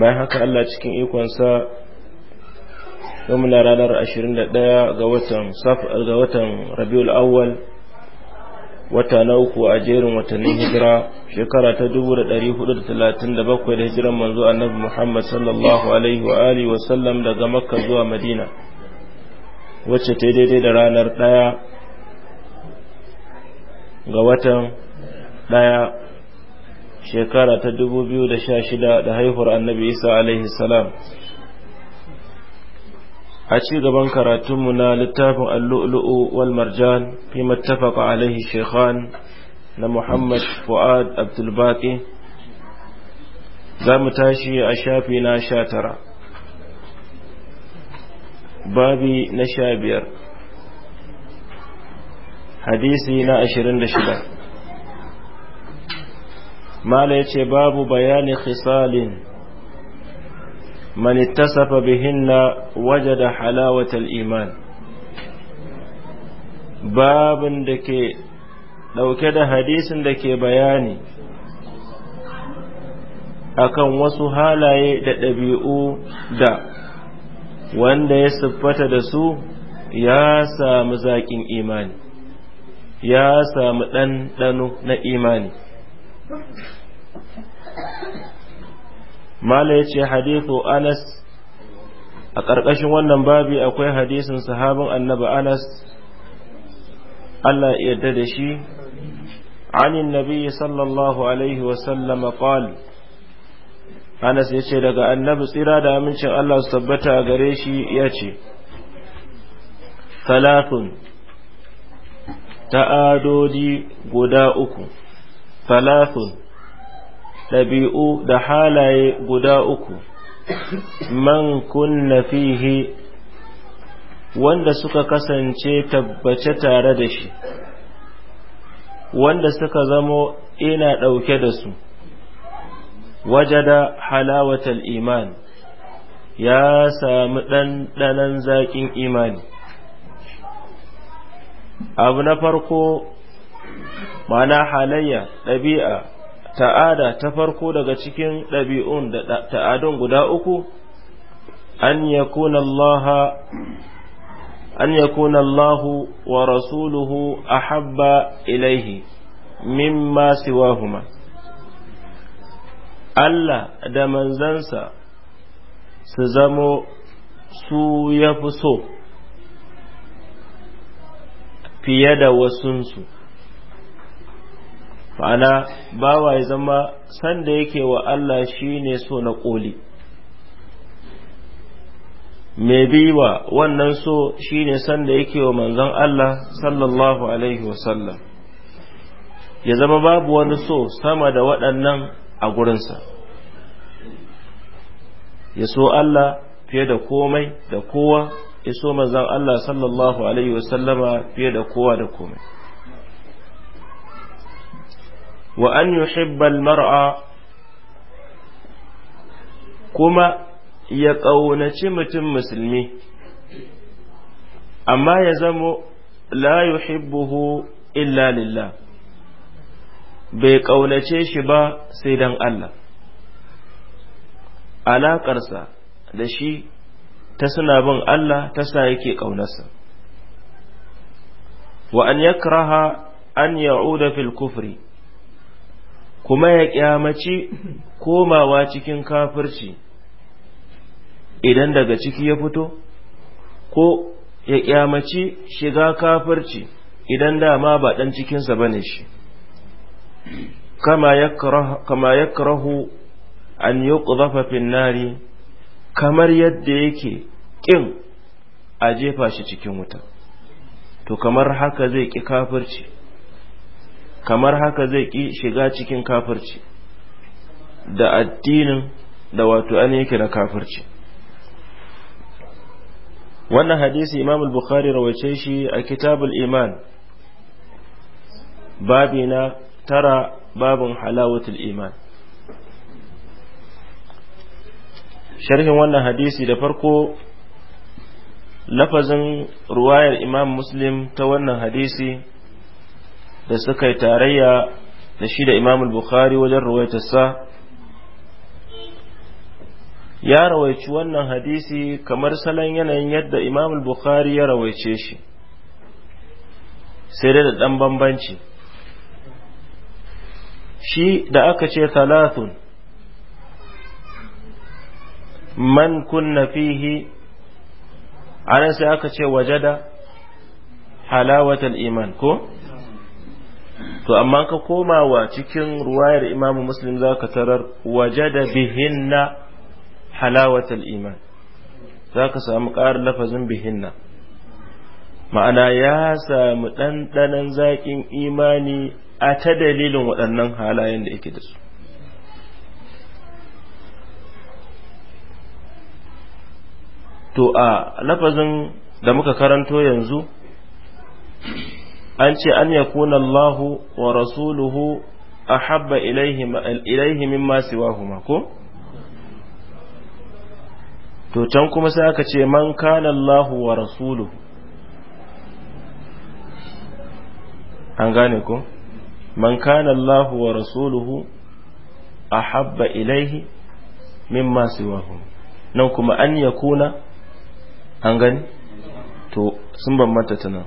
bayan haka Allah cikin ikonsa yau muna ranar 21 ga watan ga watan Rabiul Awwal wata na uku a jerin watannin hijira shekara ta 1437 da hijiran manzo Annabi Muhammad sallallahu alaihi wa alihi wa sallam daga Makka zuwa Madina wacce ta daidai da ranar 1 ga watan 1 shekara ta biyu da da haihuwar annabi isa alaihi salam a ci gaban karatunmu na littafin allu'lu'u wal marjan fi mattafaqa alaihi shekhan na muhammad fu'ad abdulbaki za mu tashi a shafi na sha tara babi na sha biyar hadisi na ashirin da shida mala ya ce babu bayani khisalin man ittasafa bihinna wajada halawatal iman babin da ke ɗauke da hadisin da ke bayani akan wasu halaye da ɗabi'u da wanda ya siffata da su ya samu zaƙin imani ya samu ɗanɗano na imani mala ya ce hadithu anas a ƙarƙashin wannan babi akwai hadisin sahabin annaba anas Allah ya da shi عن النبي sallallahu alaihi عليه وسلم Anas ya ce daga annabi tsira da amincin Allah su tabbata a gare shi ya ce, Talafin ta'adodi guda uku. thalathun ɗabi'u da halaye guda uku man kunna fihi wanda suka kasance tabbace tare da shi wanda suka zamo ina ɗauke da su wajada halawatal iman ya sami ɗanɗanon zaƙin imani abu na farko ma'ana halayya ɗabi'a ta'ada ta farko daga cikin ɗabi'un da ta'adun guda uku an yakuna Allah an yakuna Allah wa rasuluhu ahabba ilaihi mimma siwahuma Allah da manzansa su zamo su ya fi so fiye da wasunsu ma'ana bawa ya zama sanda yake wa Allah shi ne so na koli mai biwa wannan so shi ne sanda yake wa manzon Allah sallallahu alaihi wasallam ya zama babu wani so sama da waɗannan a gurinsa ya so Allah fiye da komai da kowa ya so manzon Allah sallallahu alaihi wasallama fiye da kowa da komai wa an yuhibba mar'a kuma ya ƙaunaci mutum musulmi amma ya zamo la yuhibbuhu illa lillah bai ƙaunace shi ba sai dan Allah alaƙarsa da shi ta suna bin Allah ta sa yake ƙaunarsa wa an yakraha an ya'uda fil kufri kuma ya kyamaci komawa cikin kafirci idan daga ciki ya fito ko ya kyamaci shiga kafirci idan dama ba dan cikinsa bane shi kama ya karahu an yi fin nari kamar yadda yake ƙin a jefa shi cikin wuta to kamar haka zai ƙi kafirci kamar haka zai ƙi shiga cikin kafirci da addinin da wato an yake na kafirci wannan hadisi imam al-bukhari rawace shi a kitabul iman babi na tara babin halawatul iman sharhin wannan hadisi da farko lafazin ruwayar imam muslim ta wannan hadisi da suka yi tarayya da shi da imamul bukhari wajen ruwaitarsa ya rawaici wannan hadisi kamar salon yanayin yadda imamul bukhari ya rawaice shi sai dai da ɗan bambanci shi da aka ce talatin man kunna fihi anan sai aka ce wajada halawatal iman ko to amma ka koma wa cikin ruwayar imamu muslim za ka tarar wajada bihinna halawatal iman za ka samu ƙarin lafazin bihinna ma'ana ya samu ɗanɗanon zaƙin imani a ta dalilin waɗannan halayen da yake da su to a lafazin da muka karanto yanzu an ce an yakuna Allah wa rasuluhu ahabba ilaihi mimma wahuma ko to can kuma sai aka ce man kana Allah wa rasuluhu an gane ko man kana Allah wa rasuluhu ahabba ilaihi mimma wahuma nan kuma an kuna an gani to sun bambanta tana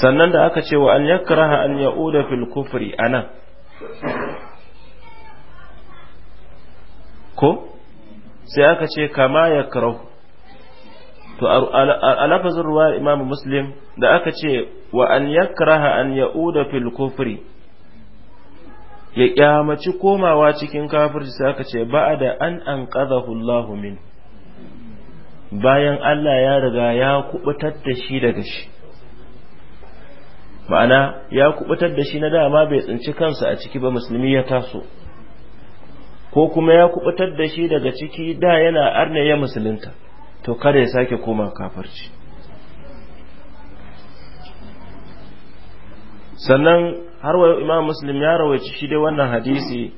sannan da aka ce wa an yakraha an ya'uda fil kufri anan ko sai aka ce kama yakrahu to a ruwa imamu muslim da aka ce wa an yakraha an ya'uda fil kufri ya kyamaci komawa cikin kafirci sai aka ce ba da an an min bayan Allah ya riga ya kubutar da shi daga shi ma'ana ya kubutar da shi na dama bai tsinci kansa a ciki ba musulmi ya taso ko kuma ya kubutar da shi daga ciki da yana arna ya musulunta to kada ya sake koma kafarci sannan har wa imam muslim ya rawaici shi dai wannan hadisi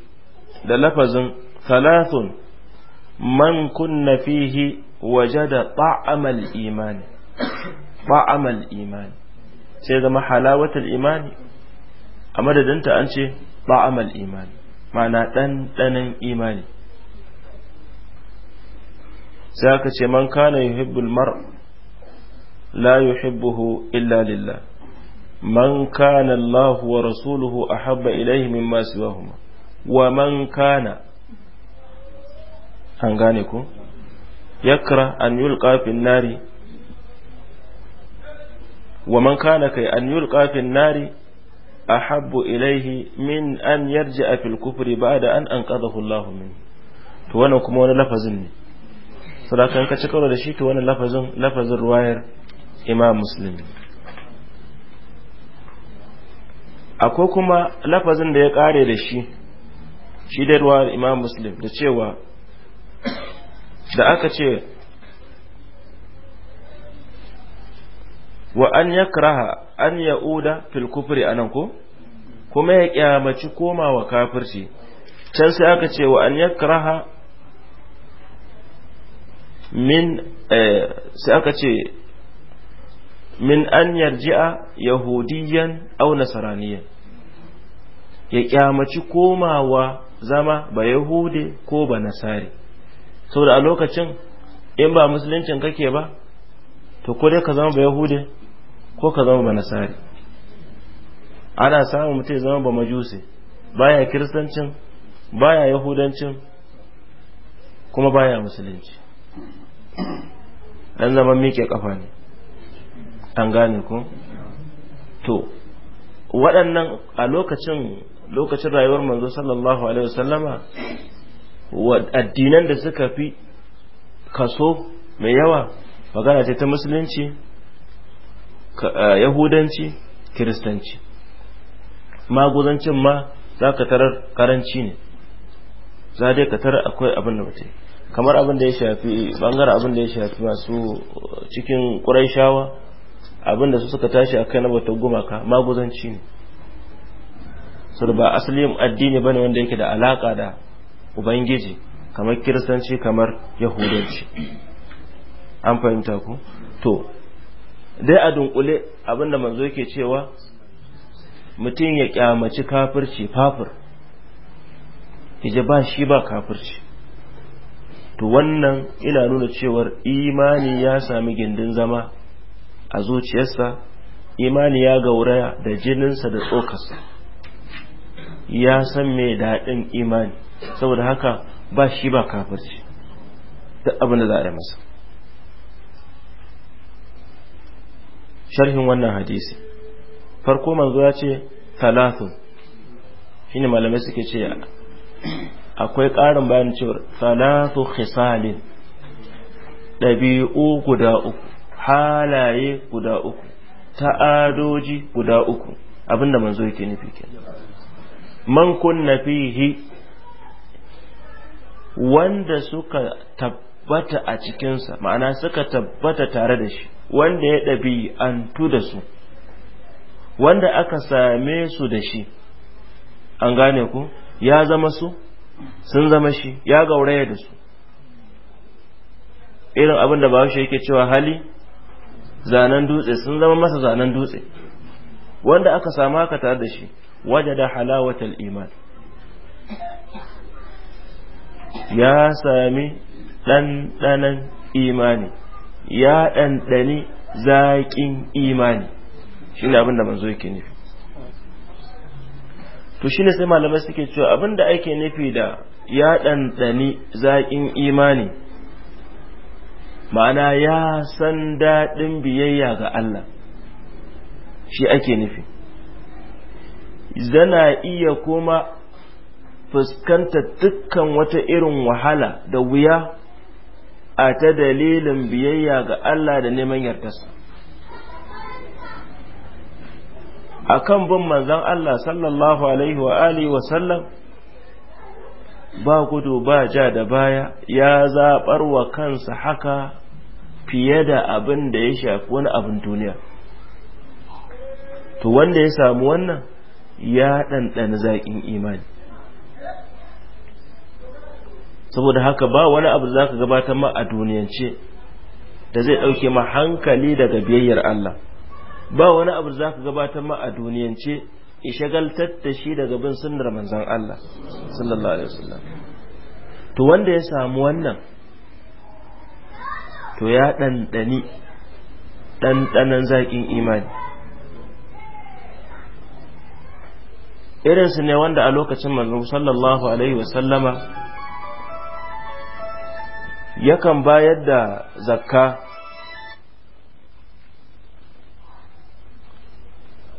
da lafazin salatun man kunna fihi wajada ta'amal imani ta'amal imani sai zama halawatar imani a madadinta an ce ba'amal imani mana ɗanɗanan imani za ka ce man kana yuhibbul mar la yuhibbuhu illa lillah man kana Allah wa rasuluhu ahabba ilaihi mimma siwahuma wa man kana an gane ku yakra an yulqa fin nari wa man kana kai an yulqa fin nari ahabbu ilaihi min an yarji'a fil kufri ba'da an anqadhahu Allah min to wannan kuma wani lafazin ne saboda ka ci da shi to wannan lafazin lafazin ruwayar Imam Muslim akwai kuma lafazin da ya kare da shi shi da ruwayar Imam Muslim da cewa da aka ce wa an yakraha an ya'uda fil kufri anan ko kuma ya kyamaci komawa kafirci can sai aka ce wa an yakraha min eh, sai aka ce min an yarji'a yahudiyan aw nasraniyan ya kyamaci komawa zama ba yahude ko ba nasari saboda a lokacin in ba musuluncin kake ba to ko dai ka zama ba yahude ko ka zama ba nasari ana samun mutum ya zama ba majusi baya kiristancin baya yahudancin kuma baya musulunci dan zama miƙe kafa ne an gane ku to waɗannan a lokacin lokacin rayuwar manzo sallallahu alaihi wasallama addinan da suka fi kaso mai yawa magana ce ta musulunci yahudanci kiristanci maguzancin ma za ka tarar karanci ne za dai ka tarar akwai abin da mutum kamar abin da ya shafi bangaren abin da ya shafi masu cikin ƙuraishawa abin da su suka tashi a kai na bautar gumaka maguzanci ne su ba asali addini bane wanda yake da alaka da ubangiji kamar kiristanci kamar yahudanci an fahimta ku to dai a dunkule abinda manzo yake cewa mutum ya kyamaci kafirci fafir ya ba shi ba kafirci to wannan ina nuna cewar imani ya sami gindin zama a zuciyarsa imani ya gauraya da jininsa da tsokarsa ya san mai daɗin imani saboda haka ba shi ba kafirci duk abin da za a yi masa sharhin wannan hadisi farko manzo ya ce talathun ne malamai suke ce akwai ƙarin bayan cewa talatu khisalin ɗabi'u guda uku halaye guda uku ta'adoji guda uku abinda manzo yake nufi ke man kunna fihi wanda suka tabbata a cikinsa ma'ana suka tabbata tare da shi wanda ya ɗabi'antu da su wanda aka same su da shi an gane ku ya zama su sun zama shi ya gauraya da su irin abin da bahaushe yake cewa hali zanen dutse sun zama masa zanen dutse wanda aka samu haka tare da shi da halawatal iman ya sami ɗanɗanan imani ya ɗanɗani zaƙin imani shi ne abin da manzo yake nufi to shi ne sai malamai suke cewa abin da ake nufi da ya ɗanɗani zaƙin imani ma'ana ya san daɗin biyayya ga Allah shi ake nufi zana iya kuma fuskantar dukkan wata irin wahala da wuya a ta dalilin biyayya ga Allah da neman yardarsa kan bin manzon Allah sallallahu alaihi wa alihi wa sallam ba gudu ba ja da baya ya zaɓar wa kansa haka fiye da abin da ya shafi wani abin duniya to wanda ya samu wannan ya ɗanɗana zaƙin imani saboda haka ba wani abu za ka gabatar ma a duniyance da zai ɗauke ma hankali daga biyayyar Allah ba wani abu za ka gabatar ma a duniyance shagaltar da shi daga bin sunnar manzon Allah sallallahu alaihi wasallam to wanda ya samu wannan to ya ɗanɗani ɗanɗanan zaƙin imani irinsu ne wanda a lokacin manzo sallallahu alaihi wasallama yakan bayar da zakka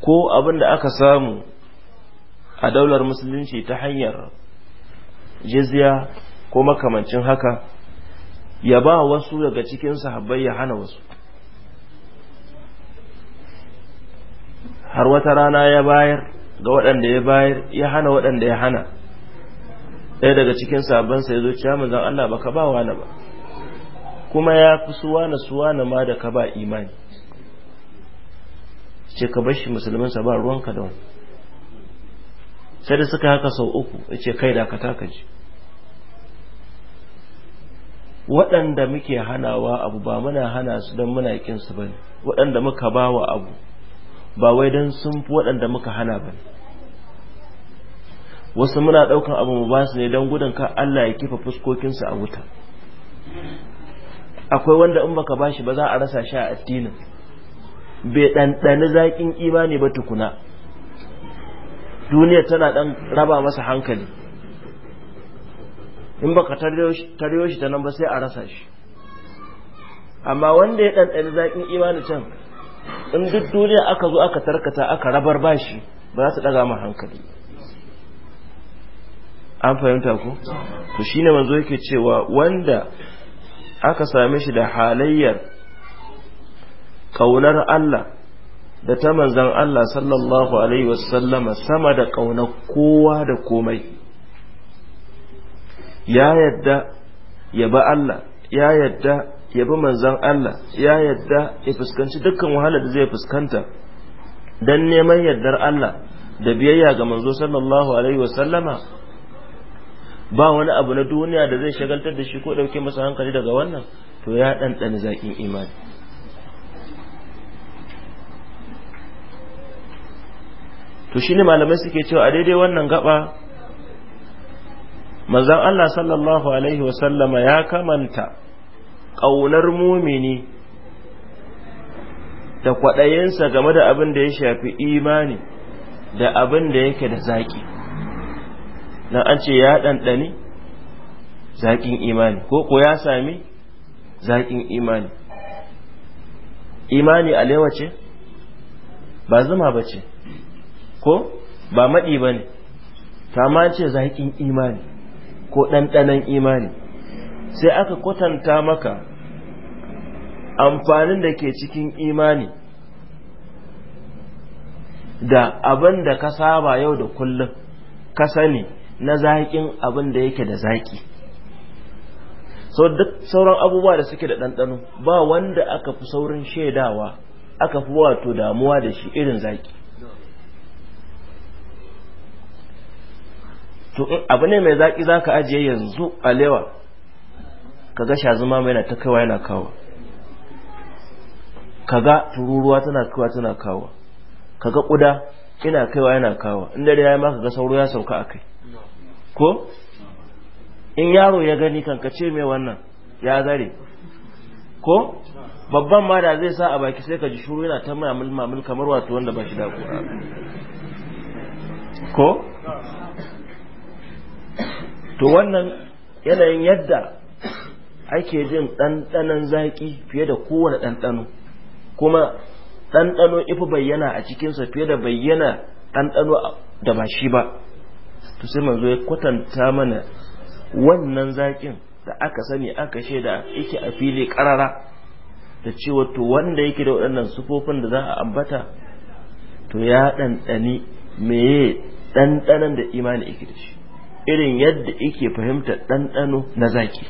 ko abin da aka samu a daular musulunci ta hanyar jiziya ko makamancin haka ya ba wasu daga cikin sahabbai ya hana wasu har wata rana ya bayar ga waɗanda ya bayar ya hana waɗanda ya hana ɗaya daga cikin sabansa ya zo ciya zan Allah baka ba na ba kuma ya fi suwana suwana ma da ka ba imani ce ka bar shi musulmin sa ba ka da wani sai da suka haka sau uku ya ce kai da ka taka ji waɗanda muke hanawa abu ba muna hana su don muna kin su ba ne, waɗanda muka ba wa abu ba wai don sun fi waɗanda muka hana ba ne. wasu muna ɗaukan abu mu ba su ne don gudun ka Allah ya kifa fuskokinsu a wuta akwai wanda in baka bashi ba za a rasa shi a addinin bai ɗanɗani zaƙin imani ba tukuna duniya tana ɗan raba masa hankali in baka taryo shi ta nan ba sai a rasa shi amma wanda ya ɗanɗani zaƙin imani can in duk duniya aka zo aka tarkata aka rabar bashi ba za su ɗaga ma hankali an fahimta ku to shine manzo yake cewa wanda aka same shi da halayyar ƙaunar Allah da ta manzan Allah sallallahu Alaihi wasallama sama da ƙaunar kowa da komai ya yadda ya ba Allah ya yadda ya bi manzan Allah ya yadda ya fuskanci dukkan wahalar da zai fuskanta don neman yardar Allah da biyayya ga manzo sallallahu Alaihi wasallama ba wani abu na duniya da zai shagaltar da shi ko ɗauke masa hankali daga wannan to ya ɗanɗana zaƙin imani to shi ne malamai suke cewa a daidai wannan gaba mazan Allah sallallahu alaihi wasallama ya kamanta ƙaunar mumini da kwaɗayinsa game da abin da ya shafi imani da abin da yake da zaƙi nan an ce ya ɗanɗani zaƙin imani ko ko ya sami zaƙin imani imani alewa ce ba zuma ba ce ko ba maɗi ba ne ta ce zaƙin imani ko ɗanɗanan imani sai aka kwatanta maka amfanin da ke cikin imani da abin da ka saba yau da kullum ka sani na zaƙin abin da yake da zaƙi sau duk sauran abubuwa da suke da ɗanɗano ba wanda aka fi saurin shaidawa aka fi wato damuwa da shi irin zaƙi to abu ne mai zaƙi za ka ajiye yanzu alewa ka ga shazuma mai na ta kaiwa yana kawo ka ga tururuwa tana kaiwa tana kawo ka ga ƙuda ina kaiwa yana kawo inda da ya yi maka ga sauro ya sauka a kai ko in yaro ya gani kanka ce mai wannan ya zare ko babban ma da zai sa a baki sai ka ji shuru yana ta mai mamul kamar wato wanda ba shi da ko to wannan yanayin yadda ake jin ɗanɗanon zaƙi fiye da kowane ɗanɗano kuma ɗanɗano ifi bayyana a cikinsa fiye da bayyana ɗanɗano da ba shi ba to sai manzo ya kwatanta mana wannan zakin da aka sani aka shaida yake a fili ƙarara da cewa to wanda yake da waɗannan sufofin da za a ambata to ya ɗanɗani meye ɗanɗanan da imani yake da shi irin yadda yake fahimta ɗanɗano na zaki.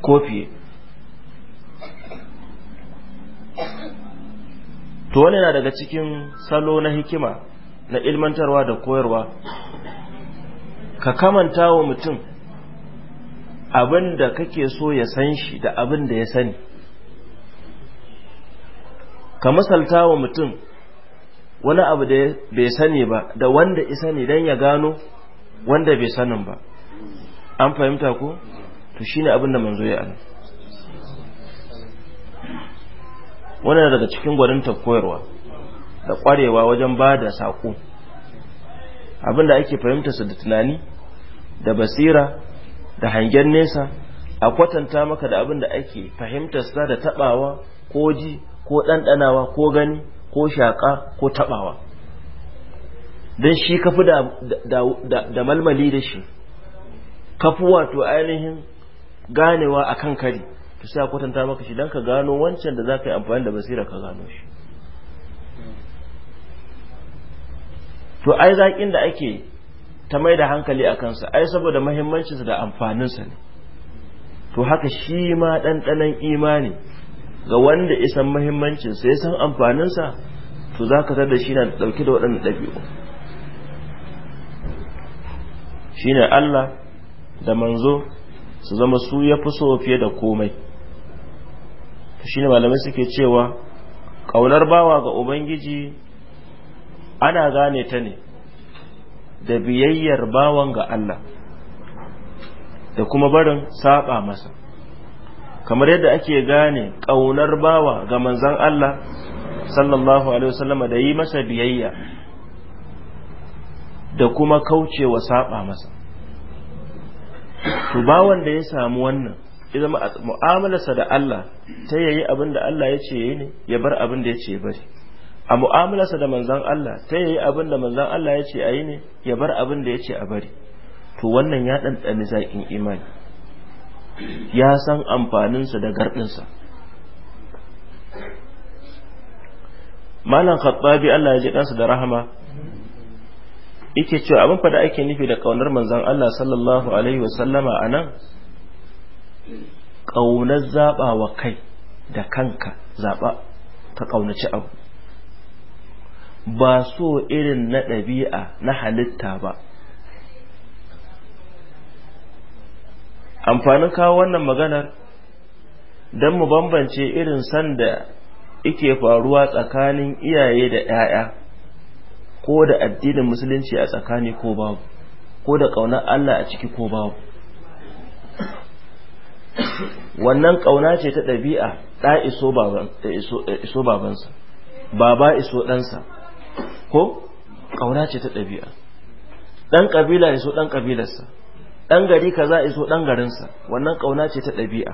kofi. to wani na daga cikin salo na hikima na ilmantarwa da koyarwa ka kamanta wa mutum abinda kake so ya san shi da abinda ya sani ka masalta wa mutum wani abu da bai sani ba da wanda isa ne don ya gano wanda bai sanin ba an fahimta ko to shi abin da manzo ya ana wani daga cikin gwaninta koyarwa da kwarewa wajen ba da saƙo abinda ake fahimtarsa da tunani da basira da hangen nesa a kwatanta maka da abinda ake fahimtarsa da taɓawa, ko ji ko ɗanɗanawa ko gani ko shaƙa ko tabawa don shi kafi da malmali da shi kafi wato ainihin ganewa akan kari ta sai a kwatanta maka shi don ka gano wancan da za ka yi amfani da basira ka gano shi to ai zaƙin da ake ta mai da hankali a kansa ai saboda mahimmancinsa da amfaninsa ne to haka shi ma ɗanɗanon imani ga wanda isan mahimmancinsa ya san amfaninsa to za ka da shi na ɗauke da waɗannan ɗabi'u shi ne Allah da manzo su zama su ya fi so fiye da komai shi ne malamai suke cewa ƙaunar bawa ga Ubangiji ana gane ta ne da biyayyar bawan ga Allah da kuma barin saba masa kamar yadda ake gane ƙaunar bawa ga manzan Allah sallallahu alaihi wasallama da yi masa biyayya da kuma kaucewa saba masa to bawan da ya samu wannan idan mu'amalarsa da Allah ta yayi abin da Allah ya ce ne ya bar abin da ya ce bari a mu'amalarsa da manzan Allah ta yayi abin da manzan Allah ya ce a yi ne ya bar abin da ya ce a bari to wannan ya ɗanɗani zaƙin imani ya san amfaninsa da garɗinsa malam khattabi Allah ya ji kansa da rahama yake cewa abin fa da ake nufi da ƙaunar manzon Allah sallallahu alaihi wa sallama anan kaunar zaba wa kai da kanka zaba ka kaunaci abu ba so irin na ɗabi'a na halitta ba amfanin kawo wannan maganar don mu bambance irin sanda ike faruwa tsakanin iyaye da 'ya'ya ko da addinin musulunci a tsakani ko babu ko da ƙaunar Allah a ciki ko babu wannan ƙauna ce ta ɗabi'a ɗa iso babansa baba iso ɗansa ko ƙauna ce ta ɗabi'a ɗan ƙabila ya so ɗan ƙabilarsa ɗan gari kaza a so ɗan garinsa wannan ƙauna ce ta ɗabi'a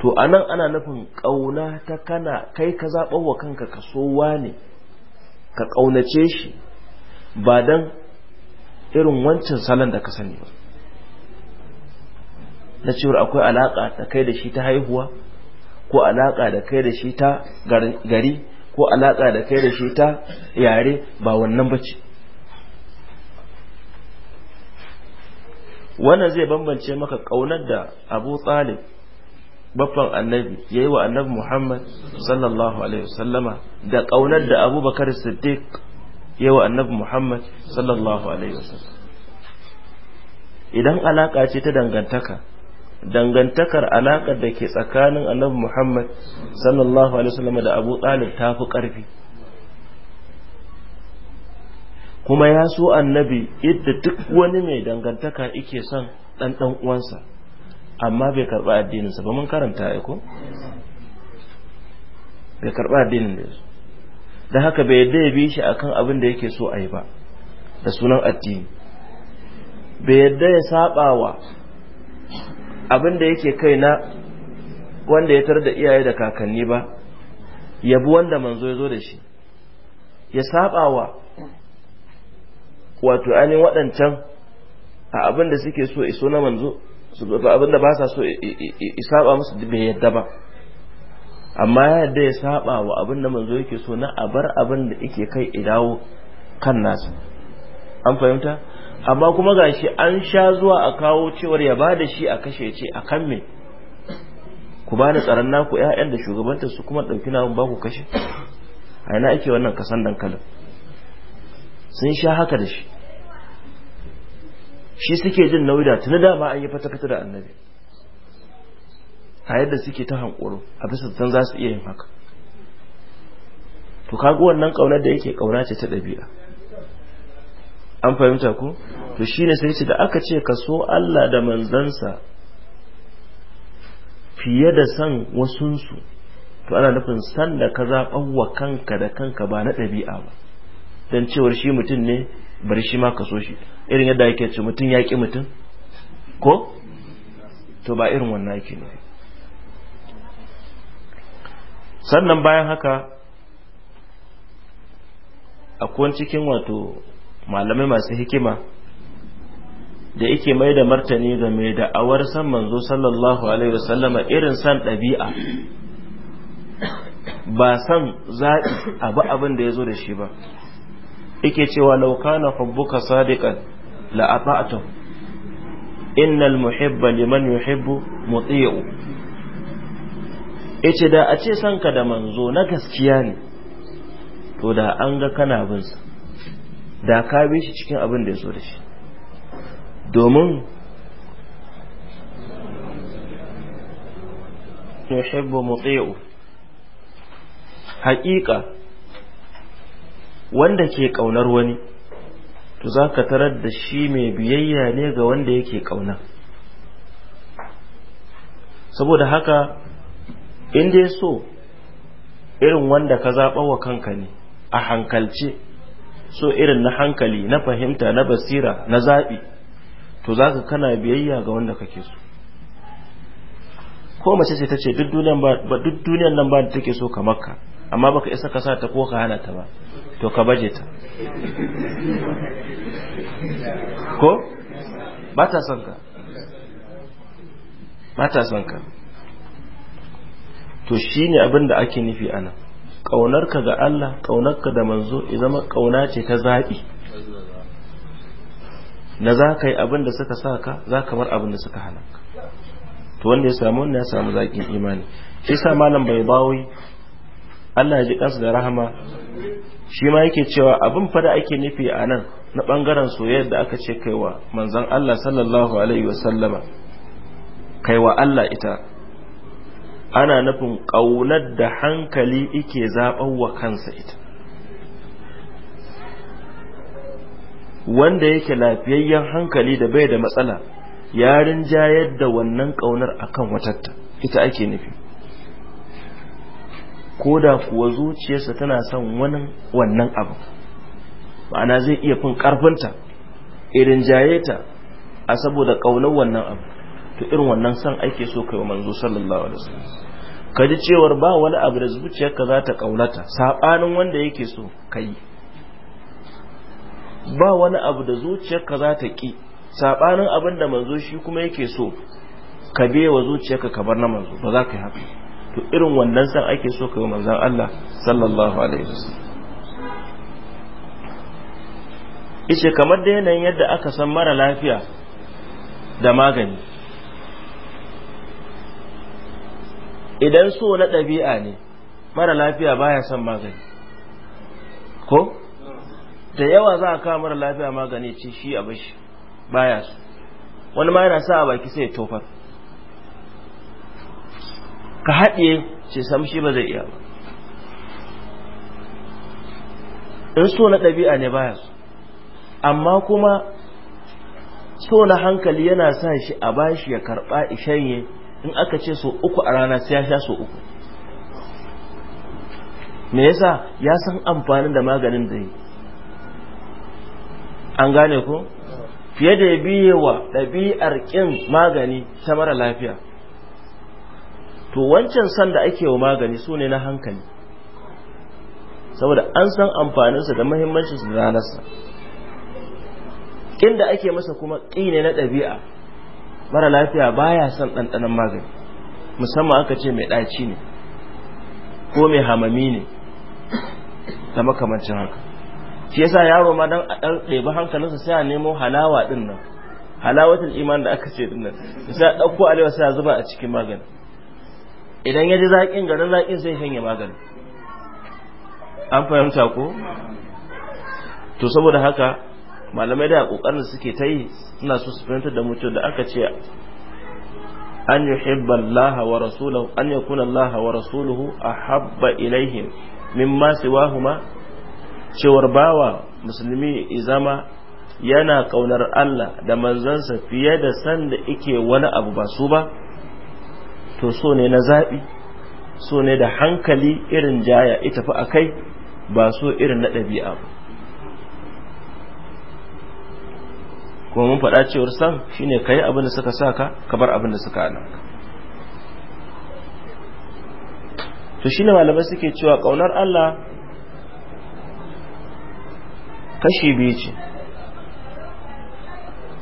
to a nan ana nufin ƙauna ta kana kai ka zaɓar wa kanka ka so ne ka ƙaunace shi ba don irin wancan salon da ka sani ba na cewar akwai alaƙa da kai da shi ta haihuwa ko alaƙa da kai da shi ta gari ko alaƙa da kai da shi ta yare ba wannan ba ce wannan zai bambance maka ƙaunar da abu tsalib babban annabi ya yi wa annabi muhammad sallallahu alaihi wasallama da ƙaunar da Abu bakar siddiq ya yi wa annabi muhammad sallallahu alaihi wasallama idan alaƙa ce ta dangantaka dangantakar alaƙar da ke tsakanin annabi Muhammad sallallahu alaihi wasallam da Abu Talib ta fi ƙarfi kuma ya so annabi yadda duk wani mai dangantaka ike son ɗan uwansa amma bai karɓi addininsa ba mun karanta ya ko bai karɓi addinin da da haka bai yadda ya bi shi akan abin da yake so a yi ba da sunan addini bai yadda ya saɓa wa abin da yake kaina wanda ya tar da iyaye da kakanni ba yabi wanda manzo ya zo da shi ya saba wa wato ainihin waɗancan a abin da suke so iso na manzo su abin da ba sa so saba musu bai yadda ba amma ya yadda ya saba wa abin da manzo yake so na abar abin da yake kai idawo kan nasu an fahimta amma kuma gashi an sha zuwa a kawo cewar ya bada shi a kashe ce a kan me ku bani tsaron naku ƴaƴan da shugabantar su kuma ɗauki na ba ku kashe a ina ake wannan kasan dankalin sun sha haka da shi shi suke jin nauyi da tuni dama an yi fata-fata da annabi a yadda suke ta hankoro a bisa zan za su iya yin haka to kaga wannan kaunar da yake kauna ce ta ɗabi'a an fahimta ko to shine sai ce da aka ce ka so Allah da manzansa fiye da san wasunsu to ana nufin san da ka zaɓan wa kanka da kanka ba na ɗabi'a ba don cewar shi mutum ne bari shi ma ka so shi irin yadda yake ce mutum ya ƙi mutum ko to ba irin wannan yake ne sannan bayan haka akwai cikin wato malamai masu hikima da yake mai da martani ga mai da'awar san manzo sallallahu alaihi wasallama irin san ɗabi'a ba san zaɓi abu abin da ya zo da shi ba Ike cewa laukana hubbuka sadiqan la ata'tahu innal muhibba liman yuhibbu muti'u yace da a ce sanka da manzo na gaskiya ne to da an ga kana bin sa da ka bi shi cikin abin da ya so da shi domin nuhibbu muti'u haƙiƙa wanda ke ƙaunar wani to za ka tarar da shi mai biyayya ne ga wanda yake ƙauna saboda haka in dai so irin wanda ka zaɓa wa kanka ne a hankalce so irin na hankali na fahimta na basira na zaɓi to za ka kana biyayya ga wanda kake so ko mace ce ta ce duk duniyan nan ba da take so kamar ka amma baka isa ka sa ta ko ka hana ta ba to ka baje ta ko ba ta son ka ba ta son ka to shine abin da ake nufi anan ƙaunarka ga Allah ƙaunarka da manzo ya zama ƙauna ce ta zaɓi na za ka yi abin da suka sa ka za ka bar abin da suka hana to wanda ya samu wannan ya samu zaƙin imani shi sa malam bai bawai Allah ya ji kansa da rahama shi ma yake cewa abin fada ake nufi a nan na ɓangaren soyayyar da aka ce kaiwa manzon Allah sallallahu alaihi wa sallama kaiwa Allah ita ana nufin ƙaunar da hankali ike zaɓar wa kansa ita wanda yake lafiyayyen hankali da bai da matsala ya jayar da wannan ƙaunar akan watatta ita ake nufi ko da kuwa zuciyarsa tana son wani wannan abu ma'ana zai iya fin ƙarfinta irin jayeta a saboda ƙaunar wannan abu to irin wannan san ake so kai wa manzo sallallahu alaihi wasallam ka ji cewar ba wani abu da zuciyarka za ta kaulata sabanin wanda yake so kai ba wani abu da zuciyarka za ta ki sabanin abin da manzo shi kuma yake so ka wa zuciyarka kabar na manzo ba za ka yi haka to irin wannan san ake so kai wa manzon Allah sallallahu alaihi wasallam ice kamar da yanayin yadda aka san mara lafiya da magani idan so na ɗabi'a ne mara lafiya baya son magani ko da yawa za a kawo mara lafiya magani ci shi a bashi baya su wani ma yana sa a baki sai tofar ka haɗiye ce sam shi ba zai iya ba in so na ɗabi'a ne baya su amma kuma so na hankali yana sa shi a bashi ya karɓa ishanye in aka ce so uku a rana sai ya sha so uku me yasa ya san amfanin da maganin da yi an gane ko fiye da ya biye wa ɗabi'ar ƙin magani ta mara lafiya to wancan san da ake wa magani sune na hankali saboda an san amfaninsa da muhimmancinsa da ranarsa ƙin da ake masa kuma ƙi ne na ɗabi'a mara lafiya baya son ɗanɗanon magani musamman aka ce mai ɗaci ne ko mai hamami ne ta makamancin haka shi yasa yaro ma don a ɗan ɗebi hankalinsa sai a nemo halawa ɗin nan halawatul iman da aka ce dinnan nan sai a ɗauko alewa sai a zuba a cikin magani idan ya ji zaƙin garin zaƙin sai shanye magani an fahimta ko to saboda haka malamai da kokarin suke ta yi suna so su fahimtar da mutum da aka ce an yuhibba Allah wa rasuluhu an yakuna Allah wa rasuluhu ahabba ilaihim mimma cewar bawa musulmi izama yana kaunar Allah da manzansa fiye da sanda ike wani abu ba su ba to so ne na zaɓi so ne da hankali irin jaya ita fi a kai ba so irin na ɗabi'a ba kuma mun faɗa cewar san shine kai abin da suka saka ka bar abin da suka alaka to shine malamai suke cewa kaunar Allah kashi biyu ce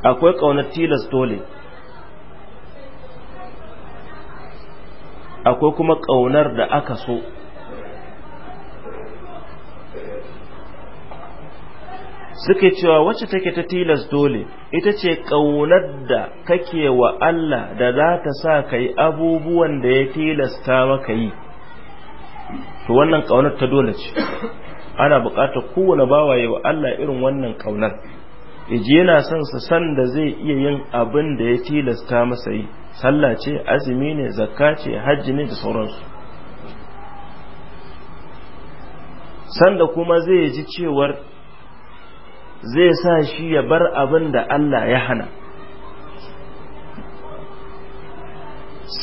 akwai kaunar tilas dole akwai kuma kaunar da aka so suke cewa wacce take ta tilas dole ita ce ƙaunar da kake wa Allah da za ta sa ka yi abubuwan da ya tilasta maka yi to wannan ƙaunar ta dole ce ana buƙatar kowane bawaye wa Allah irin wannan ƙaunar Iji yana son sa san da zai iya yin abin da ya tilasta masa yi sallah ce azumi ne zakka ce hajji ne da sauransu sanda kuma zai ji cewar zai sa shi ya bar abin da Allah ya hana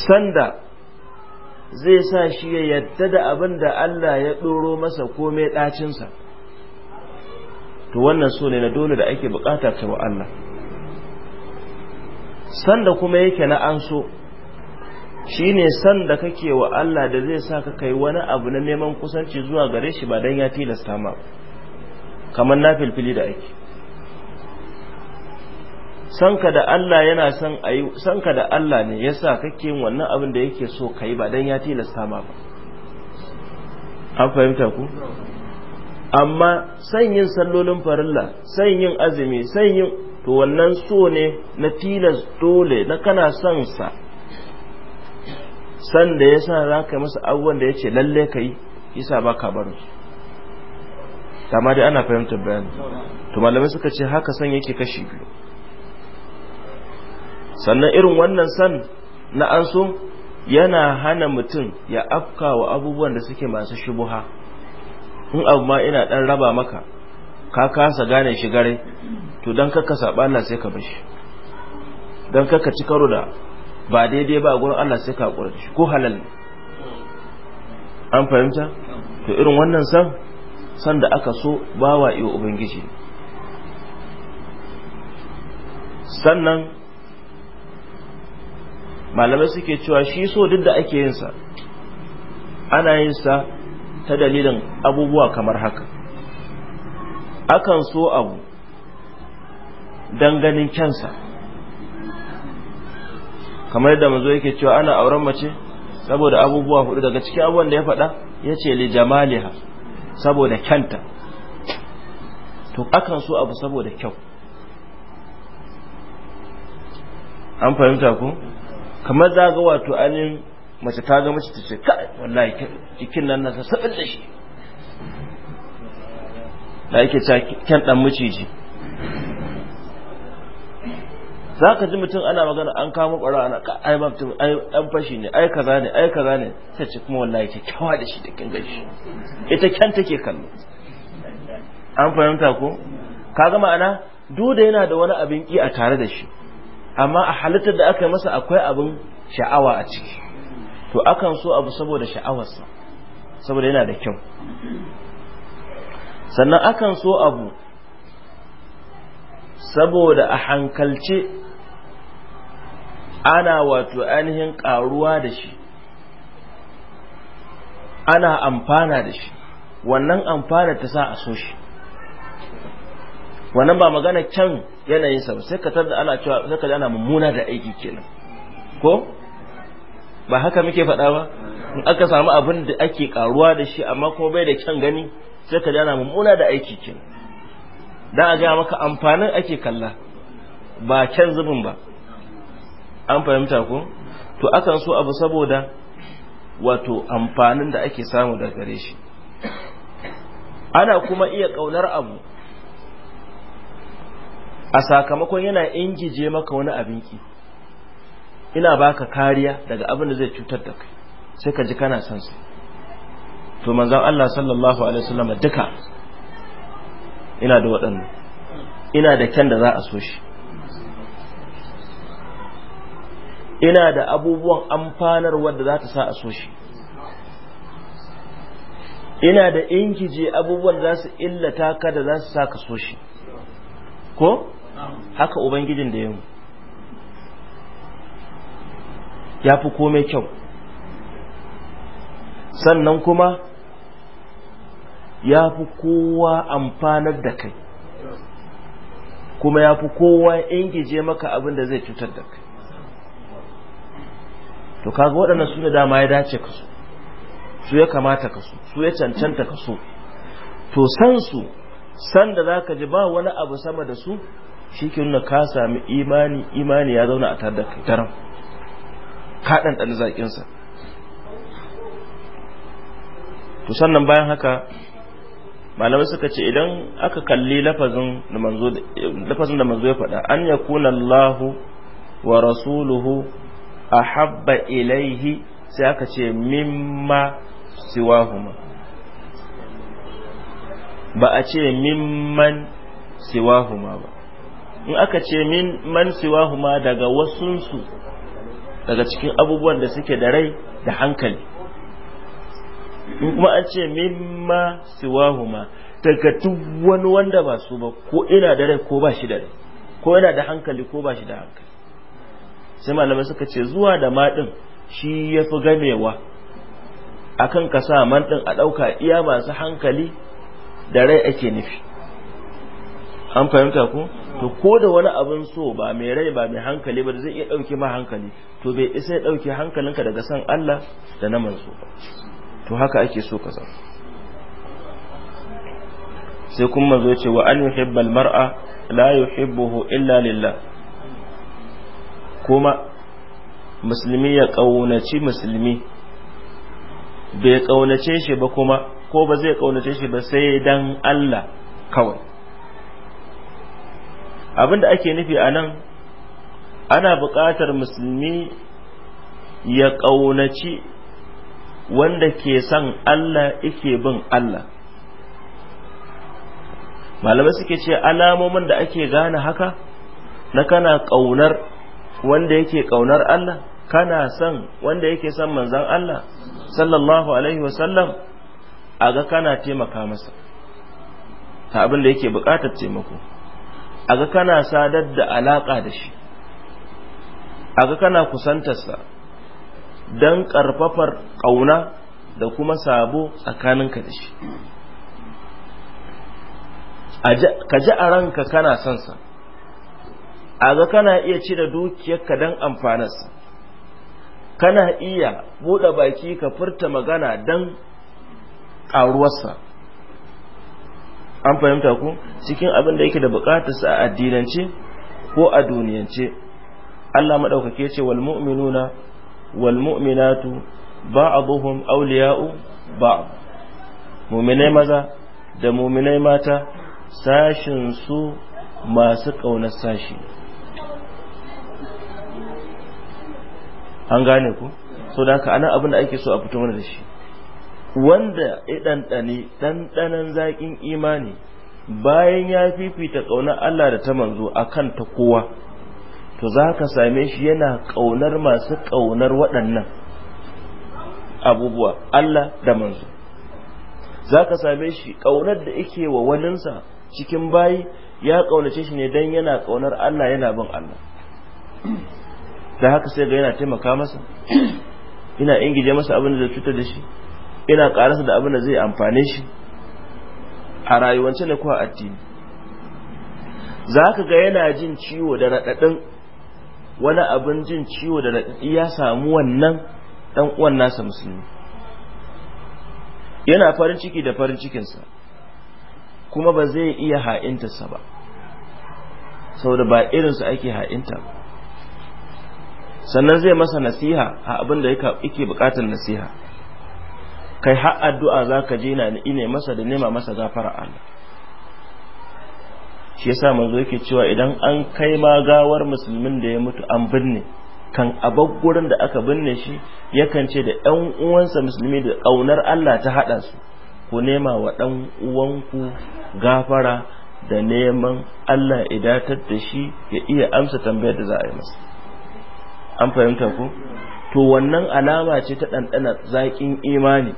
sanda zai sa shi ya yadda da abin da Allah ya ɗoro masa komai ɗacinsa to wannan so ne na dole da ake bukata ta Allah sanda kuma yake na an so shi ne sanda kake wa Allah da zai sa ka kai wani abu na neman kusanci zuwa gare shi ba don ya tilasta ma kamar na filfili da ake sanka da Allah yana san ayu sanka da Allah ne yasa sa kake wannan abin da yake so ka ba dan ya tilasta ma ba an fahimta ku amma san yin sallolin farilla san yin azumi san yin to wannan so ne na tilas dole na kana son sa san da ya sa za masa abubuwan da ya ce lalle ka yi baka ba ka barin su amma dai ana fahimtar bayani to malamai suka ce haka san yake kashi biyu sannan irin wannan san na an so yana hana mutum ya afka wa abubuwan da suke masu shubuha in abu ma ina dan raba maka ka kasa gane shi gare to dan kaka saba Allah sai ka bashi dan kaka ci karo da ba daidai ba gurin Allah sai ka hakura ko halal an fahimta to irin wannan san sanda aka so bawa iya ubangiji sannan malamai suke cewa shi so duk da ake yinsa ana yinsa ta dalilin abubuwa kamar haka akan so abu don ganin kyansa kamar da mazo yake cewa ana auren mace saboda abubuwa hudu daga cikin abubuwan da ya faɗa ya ce li jamaliha saboda kyanta to akan so abu saboda kyau an fahimta ko kamar za ga wato anin mace ta ga mace ta ce kai wallahi jikin nan na sabin da shi da yake ta kyan dan miciji za ka ji mutum ana magana an kama ɓara ana ai mutum ai an fashi ne ai kaza ne ai kaza ne ta ce kuma wallahi kyakkyawa da shi da kin gashi ita kyan take kallo an fahimta ko ka ga ma'ana duda yana da wani abin ƙi a tare da shi amma a halittar da aka yi masa akwai abin sha'awa a ciki to akan so abu saboda sha'awarsa saboda yana da kyau sannan akan so abu saboda a hankalce ana wato ainihin karuwa da shi ana amfana da shi wannan amfana ta sa a so shi wannan ba magana can yanayin sa sai ka tarda ana cewa sai ka ana mummuna da aiki kenan ko ba haka muke faɗa ba in aka samu abin da ake karuwa da shi amma kuma bai da kyan gani sai ka ana mummuna da aiki kenan dan a ga maka amfanin ake kalla ba can zubin ba an fahimta ko to akan so abu saboda wato amfanin da ake samu daga gare shi ana kuma iya kaunar abu a sakamakon yana ingije maka wani abinki ina baka kariya daga abin da zai cutar da kai sai ka ji kana son su to manzon Allah sallallahu alaihi wasallam duka ina da waɗannan ina da kyan da za a so shi ina da abubuwan amfanar wadda za ta sa a so shi ina da inkije abubuwan za su illata ka da za su sa ka so shi ko haka ubangijin da yamu ya fi komai kyau sannan kuma ya fi kowa amfanar da kai kuma ya fi kowa ingije maka abin da zai cutar da kai to kaga waɗannan su ne dama ya dace ka so su ya kamata ka so su ya cancanta ka so to san su san da zaka ji ba wani abu sama da su shi ke nuna ka sami imani imani ya zauna a tare da kai daram ka zaƙinsa to sannan bayan haka malamai suka ce idan aka kalli lafazin da manzo ya faɗa an yakuna Allahu wa rasuluhu ahabba ilaihi sai aka ce mimma siwahuma ba a ce mimman siwahuma ba in aka ce mimman siwahuma daga wasunsu daga cikin abubuwan da suke da rai da hankali in kuma an ce mimma siwahuma daga duk wani wanda ba su ba ko ina da rai ko ba shi da rai ko yana da hankali ko ba shi da hankali sai malamai suka ce zuwa da maɗin shi ya fi gamewa akan ka sa maɗin a ɗauka iya masu hankali da rai ake nufi an fahimta ku to ko da wani abin so ba mai rai ba mai hankali ba da zai iya ɗauke ma hankali to bai isa ya ɗauke hankalinka daga san Allah da na manzo to haka ake so ka san sai kuma zo ce wa an yuhibbal mar'a la yuhibbuhu illa lillah kuma musulmi ya ƙaunaci musulmi bai ƙaunace shi ba kuma ko ba zai ƙaunace shi ba sai dan Allah kawai abinda ake nufi a nan ana buƙatar musulmi ya ƙaunaci wanda ke son Allah yake bin Allah malamai suke ce alamomin da ake gane haka na kana ƙaunar wanda yake kaunar Allah kana son wanda yake son manzan Allah sallallahu alaihi wasallam a ga kana taimaka masa ta abin da yake bukatar taimako a ga kana sadar da alaka da shi a ga kana kusantarsa don karfafar kauna da kuma sabo tsakaninka da shi ka ji a ranka kana son sa a ga kana iya cire dukiyarka don amfanarsa kana iya buɗe baki ka furta magana don ƙaruwarsa an fahimta ku cikin abin da yake da buƙatarsa a addinance ko a duniyance Allah maɗaukake ce wal mu'minuna wal mu'minatu buhun awliya'u ba'd mu'minai maza da mu'minai mata sashin su masu ƙaunar sashi an gane ku so da haka anan abin da ake so a fito mana da shi wanda ya ɗanɗane ɗanɗanan zaƙin imani bayan ya fifita ƙaunar Allah da ta manzo a kan ta kowa to za ka same shi yana ƙaunar masu ƙaunar waɗannan abubuwa Allah da manzo za ka same shi ƙaunar da yake wa waninsa cikin bayi ya ƙaunace shi ne don yana ƙaunar Allah yana bin Allah da haka sai ga yana taimaka masa ina ingije masa abin da zai cutar da shi ina karasa da abin da zai amfane shi a rayuwance ne kuwa addini za ka ga yana jin ciwo da raɗaɗin wani abin jin ciwo da raɗaɗi ya samu wannan ɗan uwan nasa musulmi yana farin ciki da farin cikinsa kuma ba zai iya ha'intarsa ba saboda ba irinsu ake ha'inta ba sannan zai masa nasiha a abin da yake bukatar nasiha kai har addu'a zaka je na ne masa da nema masa gafara Allah shi yasa manzo yake cewa idan an kai ma gawar musulmin da ya mutu an binne kan abaggurin da aka binne shi yakan ce da ɗan uwansa musulmi da ƙaunar Allah ta haɗa su ku nema wa ɗan uwanku gafara da neman Allah idatar da shi ya iya amsa tambayar da za a yi masa an fahimta ku to wannan alama ce ta ɗanɗana zaƙin imani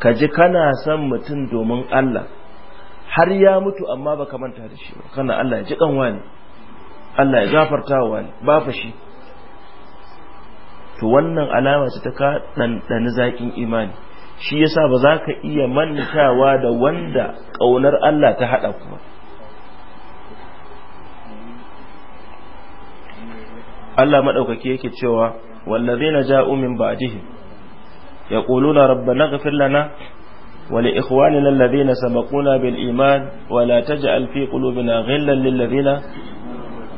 ka ji kana san mutum domin Allah har ya mutu amma baka manta da shi kana Allah ya ji kan wani Allah ya gafarta wa wani ba fashi to wannan alama ce ta ka ɗanɗani zaƙin imani shi yasa ba za ka iya mantawa da wanda ƙaunar Allah ta haɗa kuma Allah maɗaukaki yake cewa wallazina ja'u min ba'dihim yaquluna rabbana ighfir lana wa li ikhwanina alladhina sabaquna bil iman wa la taj'al fi qulubina ghillan lil ladina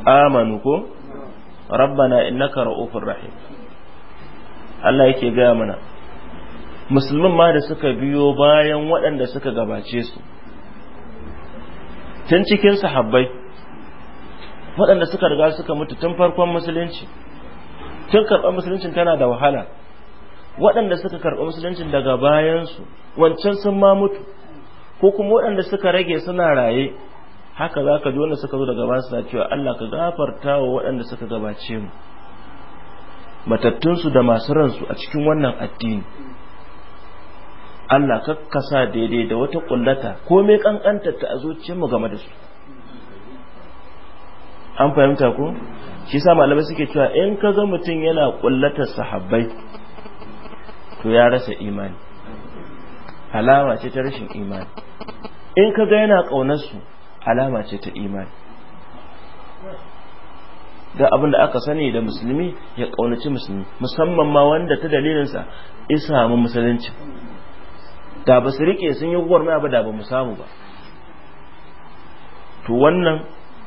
amanu ko rabbana innaka ra'ufur rahim Allah yake gaya mana musulmin ma da suka biyo bayan waɗanda suka gabace su tun cikin sahabbai waɗanda suka riga suka mutu tun farkon musulunci tun karɓar musuluncin tana da wahala waɗanda suka karɓi musuluncin daga bayansu wancan sun ma mutu ko kuma waɗanda suka rage suna raye haka za ka ji wanda suka zo daga ba suna cewa Allah ka gafarta wa waɗanda suka gabace mu matattunsu da masu ransu a cikin wannan addini Allah sa daidai da wata ƙullata ko mai ƙanƙantar ta a zuciyarmu game da su an fahimta ko shi sa malamai suke cewa in ka ga mutum yana kullatar sahabbai to ya rasa imani alama ce ta rashin imani in ka ga yana ƙaunarsu alama ce ta imani ga abin da aka sani da musulmi ya ƙaunaci musulmi musamman ma wanda ta dalilinsa isa mu musulunci da basu su rike sun yi gwarmaya ba da ba mu samu ba to wannan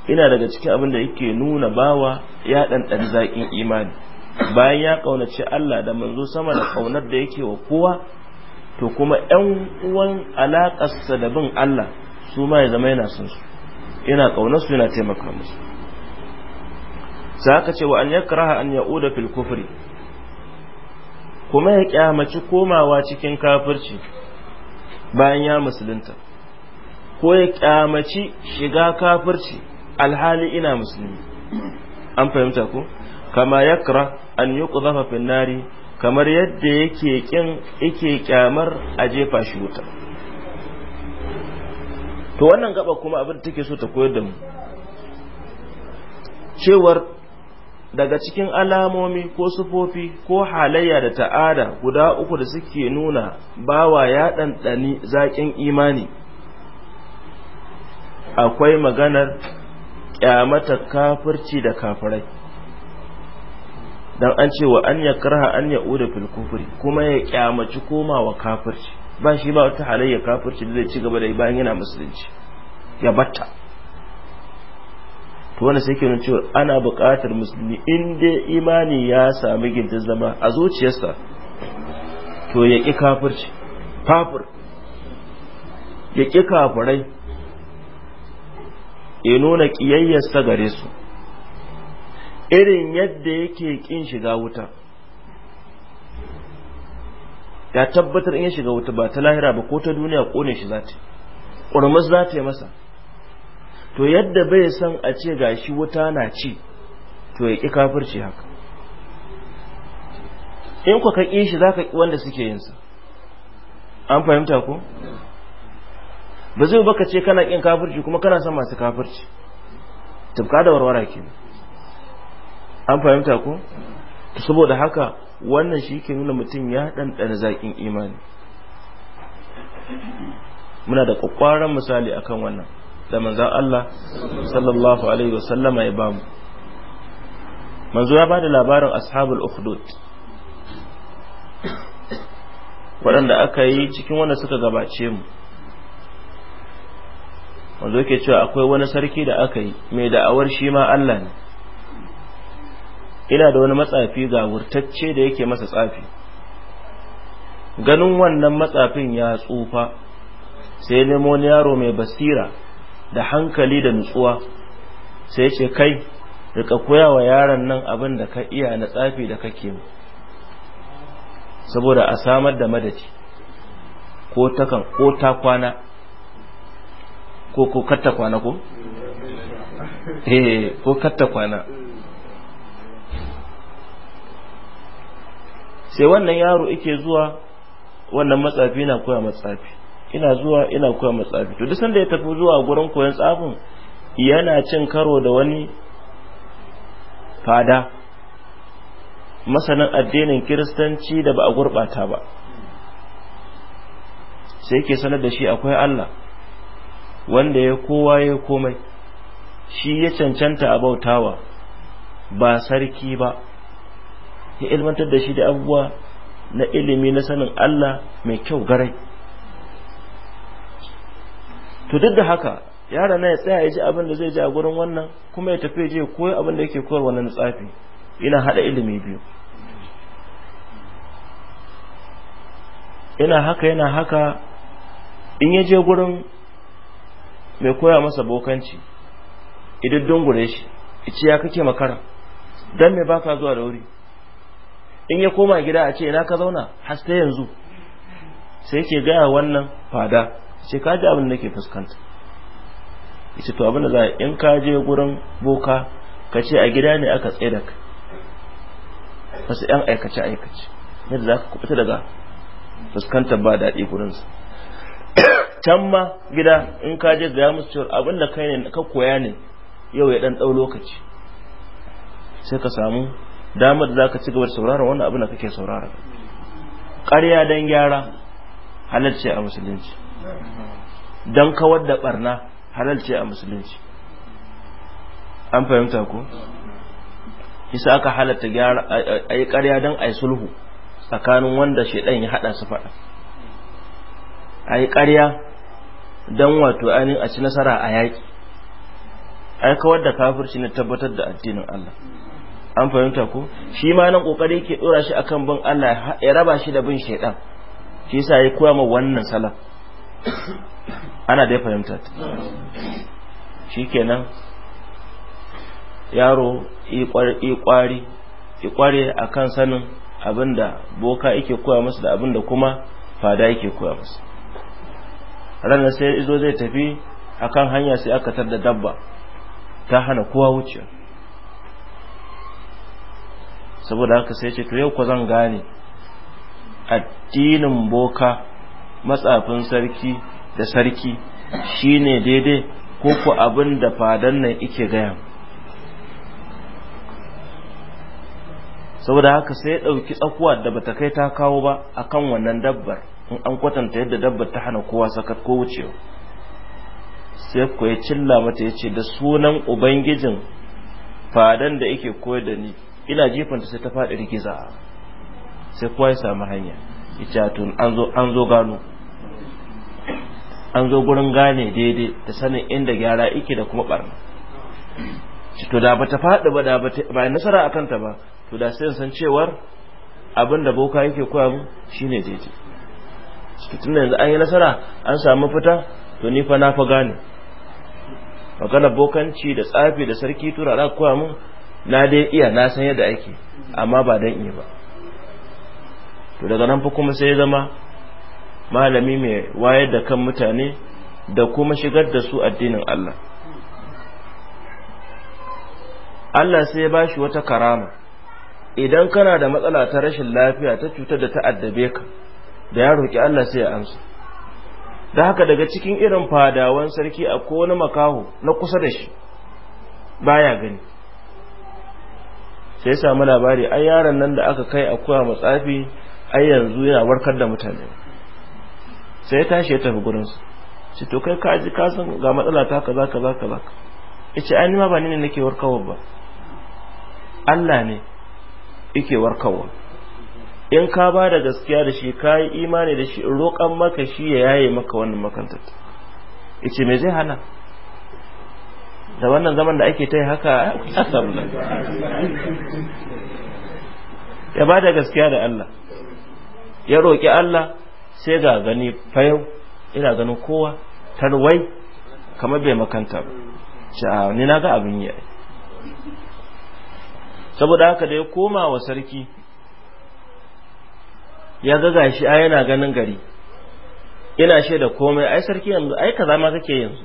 ina daga cikin abin da yake nuna bawa ya ɗanɗan zaƙin imani bayan ya ƙaunaci Allah da manzo sama da ƙaunar da yake wa kowa to kuma ‘yan uwan alaƙarsa da bin Allah su ma ya zama yana son su yana ƙaunar su yana taimaka musu za ka ce wa an yakraha an ya'uda fil kufri kuma ya kyamaci komawa cikin kafirci bayan ya musulunta ko ya kyamaci shiga kafirci alhali ina musulmi an fahimta ko kama yakra an yuqdhafa fi nari kamar yadda yake kin yake kyamar a jefa shi wuta to wannan gaba kuma abin da take so ta koyar da mu cewar daga cikin alamomi ko sufofi ko halayya da ta'ada guda uku da suke nuna bawa ya ɗanɗani zaƙin imani akwai maganar kyamata kafirci da kafirai dan an ce wa an yakraha an ya'uda fil kufri kuma ya kyamaci komawa kafirci ba shi ba wata halayya kafirci da zai ci gaba da bayan yana musulunci ya batta to wannan sai ke nuna cewa ana buƙatar musulmi inda imani ya sami gindin zama a zuciyarsa to ya ƙi kafirci kafir ya ƙi kafirai ya nuna ƙiyayyarsa gare su irin yadda yake ƙin shiga wuta ya tabbatar in ya shiga wuta ba ta lahira ba ko ta duniya kone shi za ta ƙurmus za ta yi masa to yadda bai san a ce ga shi wuta na ci to ya ƙi kafirci haka in kwa ka ƙi shi za ka ƙi wanda suke yinsa an fahimta ko ba zai baka ce kana kin kafirci kuma kana son masu kafirci tufka da warwara ke an fahimta ko saboda haka wannan shi ke nuna mutum ya ɗanɗana zaƙin imani muna da ƙwaƙwaran misali akan wannan da manzan Allah sallallahu alaihi wasallama ya bamu manzo ya ba da labarin ashabul ukhdud waɗanda aka yi cikin wanda suka gabace mu wanda yake cewa akwai wani sarki da aka yi mai da'awar shi ma Allah ne ina da wani matsafi ga wurtacce da yake masa tsafi ganin wannan matsafin ya tsufa sai nemo wani yaro mai basira da hankali da nutsuwa sai ce kai rika koya wa yaron nan abin da ka iya na tsafi da kake mu saboda a samar da madaci ko ko ta kwana ko ko katta kwana ko eh ko katta kwana sai wannan yaro yake zuwa wannan matsafi na koya matsafi ina zuwa ina koya matsafi to duk sanda ya tafi zuwa gurin koyon tsafin yana cin karo da wani fada masanin addinin kiristanci da ba a gurɓata ba sai ke sanar da shi akwai Allah wanda ya kowa ya komai shi ya cancanta a bautawa ba sarki ba ya ilmantar da shi da abubuwa na ilimi na sanin Allah mai kyau garai to duk da haka yara na ya tsaya ya ji abin da zai ji a gurin wannan kuma ya tafi je koyi abin da yake koyarwa na tsafi ina hada ilimi biyu ina haka yana haka in ya je gurin mai koya masa bokanci idan dungure shi ice ya kake makara dan mai baka zuwa da wuri in ya koma gida a ce ina ka zauna har sai yanzu sai yake gaya wannan fada ce ka ji abin da nake fuskanta yace to abin da za in ka je gurin boka ka ce a gida ne aka tsaye da ka wasu yan aikace aikace yadda za ka kubuta daga fuskantar ba daɗi gurinsa can ma gida in ka je ga musu cewa abin da kai ne ka koya ne yau ya dan dau lokaci sai ka samu damar da zaka ci gaba da saurara wannan abin da kake saurara ƙarya dan gyara halalce a musulunci dan kawar da barna halalce a musulunci an fahimta ko isa aka halatta gyara ayi ƙarya dan ayi sulhu tsakanin wanda shedan ya hada su faɗa a yi ƙarya don wato ainihin a ci nasara a yaƙi ai kawar da kafirci ne tabbatar da addinin Allah an fahimta ko shi ma nan kokari yake ɗora shi akan bin Allah ya raba shi da bin shaidan shi yasa ya koya ma wannan salaf ana da fahimta kenan yaro ikwari ikware akan sanin abinda boka yake koya masa da abinda kuma fada yake koya masa ranar sai izo zai tafi akan hanya sai aka tar da dabba ta hana kowa wuce saboda haka sai ce to yau ko zan gane addinin boka matsafin sarki da sarki shine daidai ko ku abin da fadan nan ike gaya saboda haka sai ya ɗauki tsakuwa da bata kai ta kawo ba akan wannan dabbar in an kwatanta yadda dabbar ta hana kowa sakat ko wucewa sai ku ya cilla mata ya ce da sunan ubangijin fadan da yake koyar da ni ina jifanta sai ta faɗi rigiza sai kowa ya samu hanya ita tun an zo gano an zo gurin gane daidai da sanin inda gyara ike da kuma barna to da bata faɗi ba da ba nasara akan ta ba to da sai san cewar abin da boka yake koya mu shine daidai tun da yanzu an yi nasara an samu fita to ni fa na fa gane magana bokanci da tsafi da sarki tura da kuwa mun na dai iya na san yadda ake amma ba dan iya ba to daga nan fa kuma sai zama malami mai wayar da kan mutane da kuma shigar da su addinin Allah Allah sai ya bashi wata karama idan kana da matsala ta rashin lafiya ta cutar da ta addabe ka da ya roƙi Allah sai ya amsa da haka daga cikin irin fadawan sarki a na makaho na kusa da shi baya gani sai ya samu labari ai yaron nan da aka kai a koya matsafi ai yanzu yana warkar da mutane sai ya tashi ya tafi gurinsu ce to kai ka ji kasan ga matsala ta kaza kaza kaza ce ai ni ma ba ni ne nake warkarwa ba Allah ne yake warkarwa in ka ba da gaskiya da shi ka yi imani da shi roƙon maka shi ya yaye maka wannan makantar ice me zai hana da wannan zaman da ake ta haka nan ya ba da gaskiya da Allah ya roƙi Allah sai ga gani fayau ina ganin kowa tarwai kamar bai makanta ba ni na ga abin yi saboda haka da ya koma wa sarki ya ga gashi a yana ganin gari ina da komai ai sarki yanzu ai kaza ma kake yanzu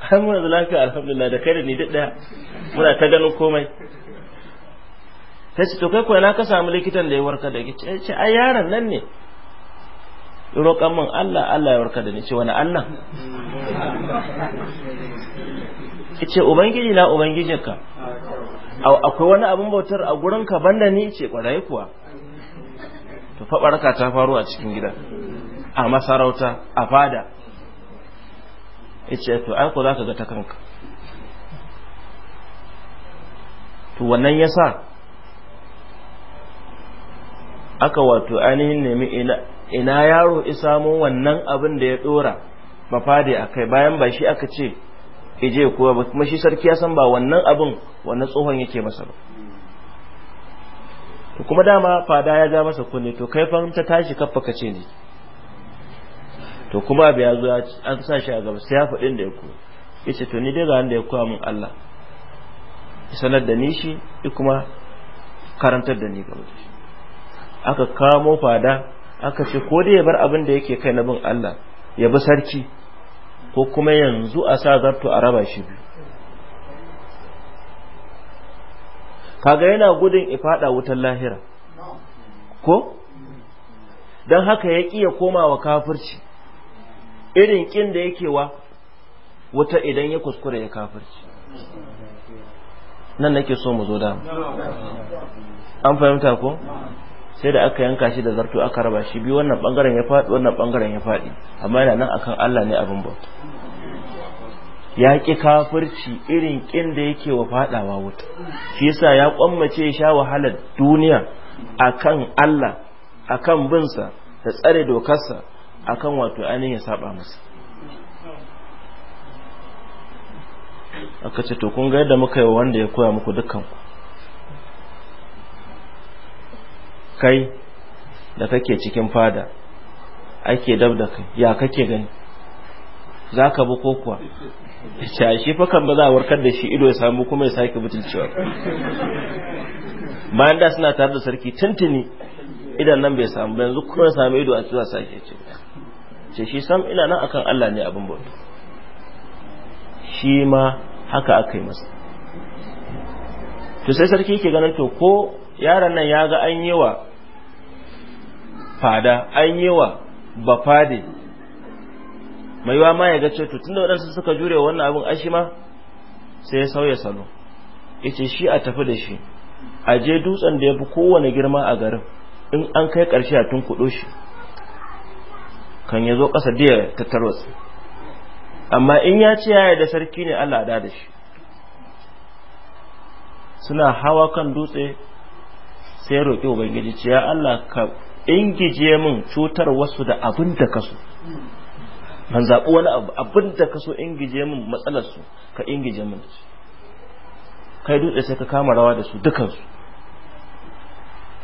har mu yanzu lafiya alhamdulillah da kai da ni duk daya muna ta ganin komai ta ce to kai ko na ka samu likitan da ya warka da ki ce ai yaron nan ne roƙan min Allah Allah ya warka da ni ce wani Allah ce ubangiji na ubangijinka akwai wani abin bautar a gurinka banda ni ce kwarai kuwa to faɓarka ta faru a cikin gida a masarauta a fada ya ce to aiko za ka ga ta kanka to wannan ya sa aka wato ainihin nemi ina yaro isamo wannan abin da ya dora mafade a kai bayan ba shi aka ce ije kuwa ba kuma shi sarki ya san ba wannan abin wannan tsohon yake masa ba to kuma dama fada ya ja masa kunne to kai fan ta tashi kaffa kace ne to kuma abu ya an sa shi a gaba sai ya faɗin da ya koya ya ce to ni dai ga wanda ya koya min Allah ya sanar da ni shi ya kuma karantar da ni gaba aka kamo fada aka ce ko dai ya bar abin da yake kai na bin Allah ya bi sarki ko kuma yanzu a sa zarto a raba shi biyu kaga yana gudun ifada wutar lahira ko don haka ya kiya komawa koma kafirci irin ƙin da yake wa wuta idan ya kuskure ya kafirci nan nake so mu zo da an fahimta ko sai da aka yanka shi da zarto aka raba shi biyu wannan bangaren ya faɗi wannan bangaren ya faɗi amma yana nan akan Allah ne abin bauta ya ƙi kafirci irin ƙin da yake wa faɗawa wuta shi yasa ya ƙwammace ya sha wahalar duniya akan Allah akan binsa da tsare dokarsa akan wato ainihin ya saba masa aka ce to kun ga yadda muka yi wanda ya koya muku dukkan kai da kake cikin fada ake dab da kai ya kake gani za ka bi ko kuwa a shi fa kan ba za a warkar da shi ido ya samu kuma ya sake mutuncewa bayan da suna tare da sarki tuntuni idan nan bai samu ba yanzu kuma ya samu ido a cewa sake ce ce shi sam ina nan akan Allah ne abin bauta shi ma haka aka yi masa to sai sarki yake ganin to ko yaron nan ya ga an yi wa fada an yi wa bafade mai yiwa ma ya ga ce tun da waɗansu suka jure wannan abin ashi ma sai ya sauya salo ce shi a tafi da shi a je dutsen da ya fi kowane girma a garin in an kai ƙarshe a kuɗo shi kan ya zo ƙasa da ya tattarwas amma in ya ce ya da sarki ne Allah da da shi suna hawa kan dutse sai ya roƙi ubangiji ce ya Allah ka ingije min cutar wasu da abin da kasu ban zaɓi wani abu abin da ka so ingije min matsalar su ka ingije min da su kai dutse sai ka kama rawa da su dukansu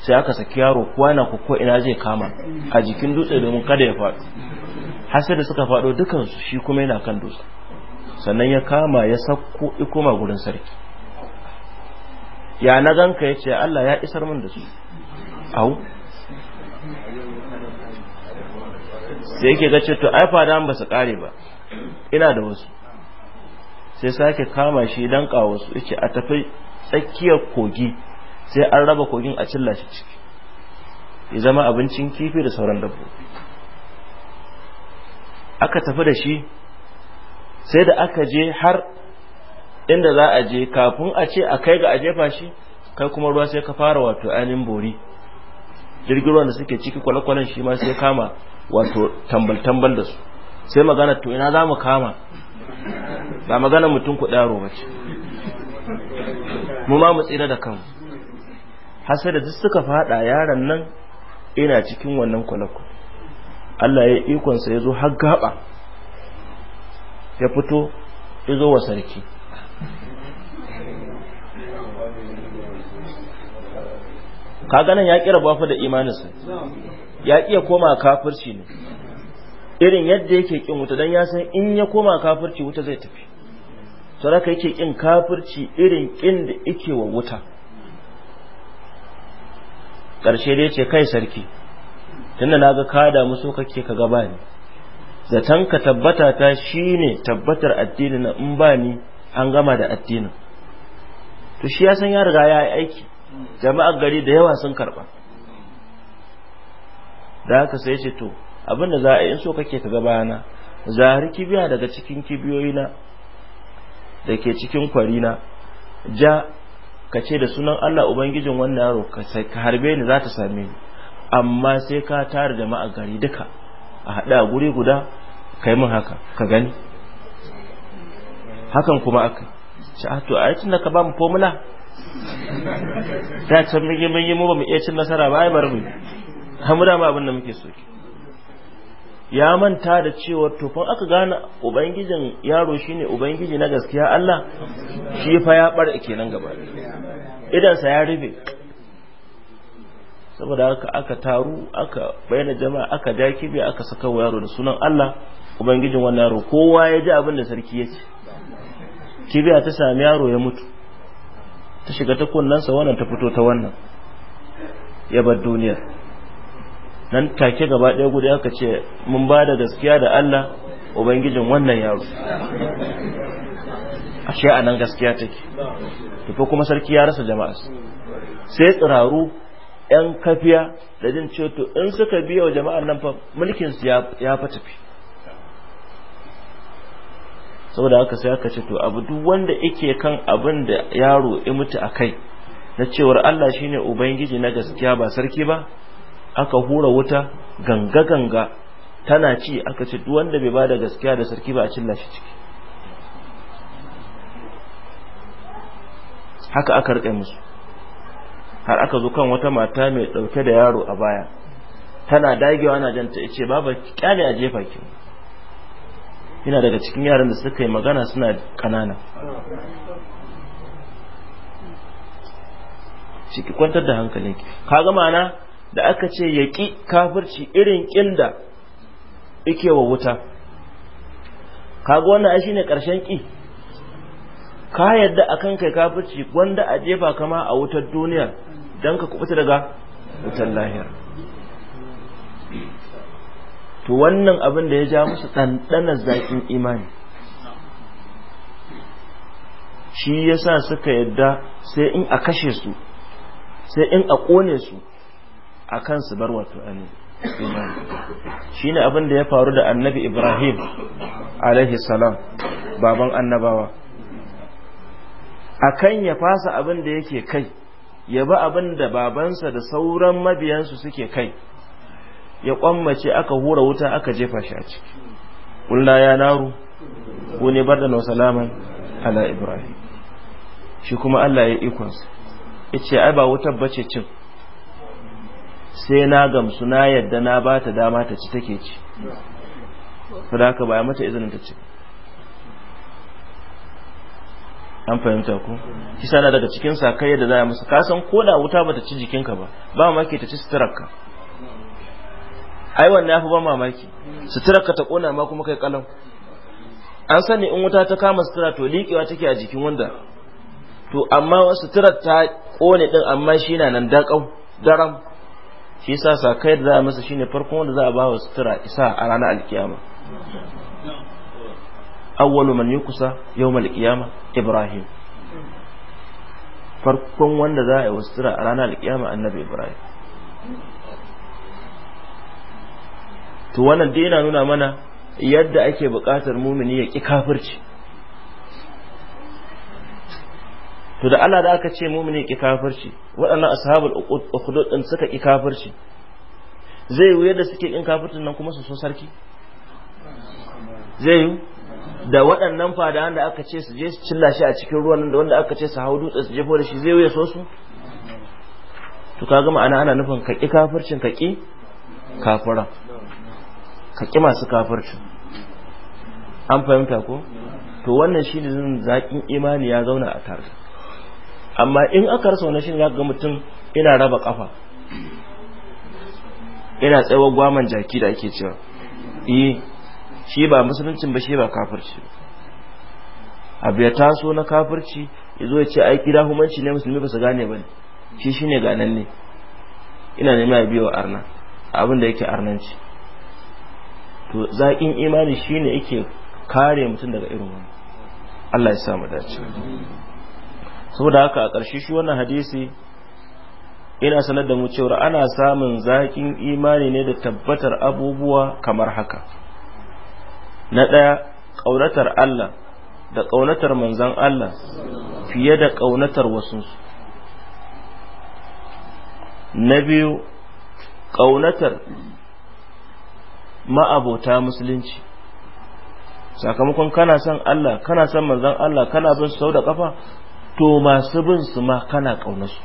sai aka saki yaro kwana na ko ina zai kama a jikin dutse domin kada ya faɗo har sai da suka faɗo dukansu shi kuma yana kan dutse sannan ya kama ya sakko koma gurin sarki ya na ganka ya ce Allah ya isar min da su au sai yake ga to ai fadan ba su kare ba ina da wasu sai sake kama shi dan kawo su yace a tafi tsakiyar kogi sai an raba kogin a cilla shi ciki ya zama abincin kifi da sauran dabbobi aka tafi da shi sai da aka je har inda za a je kafin a ce a kai ga a jefa shi kai kuma ruwa sai ka fara wato ainihin bori jirgin ruwan da suke ciki kwale-kwalen shi ma sai kama wato tambal-tambal da su sai magana to ina za mu kama ba magana mutum kuɗa yaro mu ma mu tsira da kanmu hasa da duk suka faɗa yaran nan ina cikin wannan kwalakwa Allah ya ikonsa ya zo har gaba ya fito ya wa sarki nan ya kira bafa da imaninsa ya iya koma kafirci ne irin yadda yake kin wuta dan ya san in ya koma kafirci wuta zai tafi to raka yake kin kafirci irin kin da yake wa wuta karshe dai ce kai sarki tunda naga ka mu so kake ka gaba ni zaton ka tabbata ta shine tabbatar addinin na in ba ni an gama da addinin to shi ya san ya riga ya yi aiki jama'ar gari da yawa sun karba da haka sai ce to abin da za a yi in so kake ka gabana zari kibiya daga cikin kibiyoyina da ke cikin kwarina ja ka ce da sunan Allah ubangijin wannan yaro ka harbe ni za ta same ni amma sai ka tara jama'a gari duka a haɗa guri guda ka yi min haka ka gani hakan kuma aka ci a ah, to a yi da ka ba mu formula da can mun yi mun yi mu ba mu iya cin nasara ba ai bari mu hamu dama abin da muke so ya manta da cewa tufan aka gane ubangijin yaro shine ubangiji na gaskiya Allah shi fa ya bar kenan gaba idansa ya rufe saboda haka aka taru aka bayyana jama'a aka ja kibi aka saka wa yaro da sunan Allah ubangijin wannan yaro kowa ya ji abin da sarki ya ce kibiya ta sami yaro ya mutu ta shiga ta kunnansa wannan ta fito ta wannan ya bar duniyar nan take gaba ɗaya guda aka ce mun ba da gaskiya da Allah ubangijin wannan yaro shi a nan gaskiya take tafi kuma sarki ya rasa jama'a sai tsiraru yan kafiya da jin ceto in suka biya wa jama'a nan fa mulkin su ya fa tafi saboda haka sai aka ce to abu duk wanda yake kan abin da yaro ya mutu a kai na cewar Allah shine ubangiji na gaskiya ba sarki ba aka hura wuta ganga ganga tana ci aka ce duk wanda bai bada gaskiya da sarki ba a cilla shi ciki haka aka rike musu har aka zo kan wata mata mai dauke da yaro a baya tana dagewa na janta ce baba kyale a jefa ki ina daga cikin yaran da suka yi magana suna kanana Ciki kwantar da hankalinki ga ma'ana da aka ce ya ƙi kafirci irin ƙinda ike wa wuta kaga wannan ai shine ƙarshen ƙi ka yadda kan kai kafirci wanda a jefa kama a wutar duniya don ka kubuta daga wutar lahira to wannan abin da ya ja musu ɗanɗanar zaƙin imani shi yasa suka yadda sai in a kashe su sai in a ƙone su akan su bar wato ani shine abin da ya faru da annabi Ibrahim alaihi salam baban annabawa akan ya fasa abin da yake kai ya bi abin da babansa da sauran mabiyansu suke kai ya kwammace aka hura wuta aka jefa shi a ciki kulla ya naru ko bar da na salaman ala ibrahim shi kuma Allah ya ikonsa ya ce ai ba wutar bace cin sai na gamsu na yadda na ba ta dama ta ci take ci da ka baya mata izinin ta ci an fahimta ku kisa na daga cikin sakai yadda za a musu kasan koda wuta ba ta ci jikinka ba ba mamaki ta ci suturarka ai wannan ya fi ba mamaki suturarka ta kona ma kuma kai kalan. an sani in wuta ta kama sutura to liƙewa take a jikin wanda to amma suturar ta kone din amma shi na nan daram shi sa sakai da za a masa shine farkon wanda za a ba wa sutura isa a ranar alkiyama awwalu man yukusa yawmal qiyama ibrahim farkon wanda za a yi sutura a ranar alkiyama annabi ibrahim to wannan dai yana nuna mana yadda ake buƙatar mumini ya ki kafirci to da Allah da aka ce mumini ki kafirci waɗannan ashabul ukhdud din suka ki kafirci zai yi da suke kin kafircin nan kuma su so sarki zai yi da waɗannan fadawan da aka ce su je su cilla shi a cikin ruwan da wanda aka ce su hau dutse su jefo da shi zai yi so su to kaga ma'ana ana nufin ka ki kafircin ka ki kafira ka ki masu kafircin an fahimta ko to wannan shine zan zakin imani ya zauna a tarihi amma in aka rasa wannan shine zaka ga mutum ina raba kafa ina tsawon gwaman jaki da ake cewa eh shi ba musuluncin ba shi ba kafirci abu ya taso na kafirci yazo ya ce ai kira humanci ne musulmi ba su gane ba shi shine ganan ne ina nemi a biyo arna abin da yake arnanci to zaƙin imani shine yake kare mutum daga irin wannan Allah ya sa mu dace saboda haka a ƙarshe shi wannan hadisi ina sanar da mu cewa ana samun zaƙin imani ne da tabbatar abubuwa kamar haka na ɗaya ƙaunatar Allah da ƙaunatar manzan Allah fiye da ƙaunatar wasunsu na biyu ƙaunatar ma'abota musulunci sakamakon kana son Allah kana son manzan Allah kana bin sau da ƙafa. to masu bin su ma kana ƙaunar su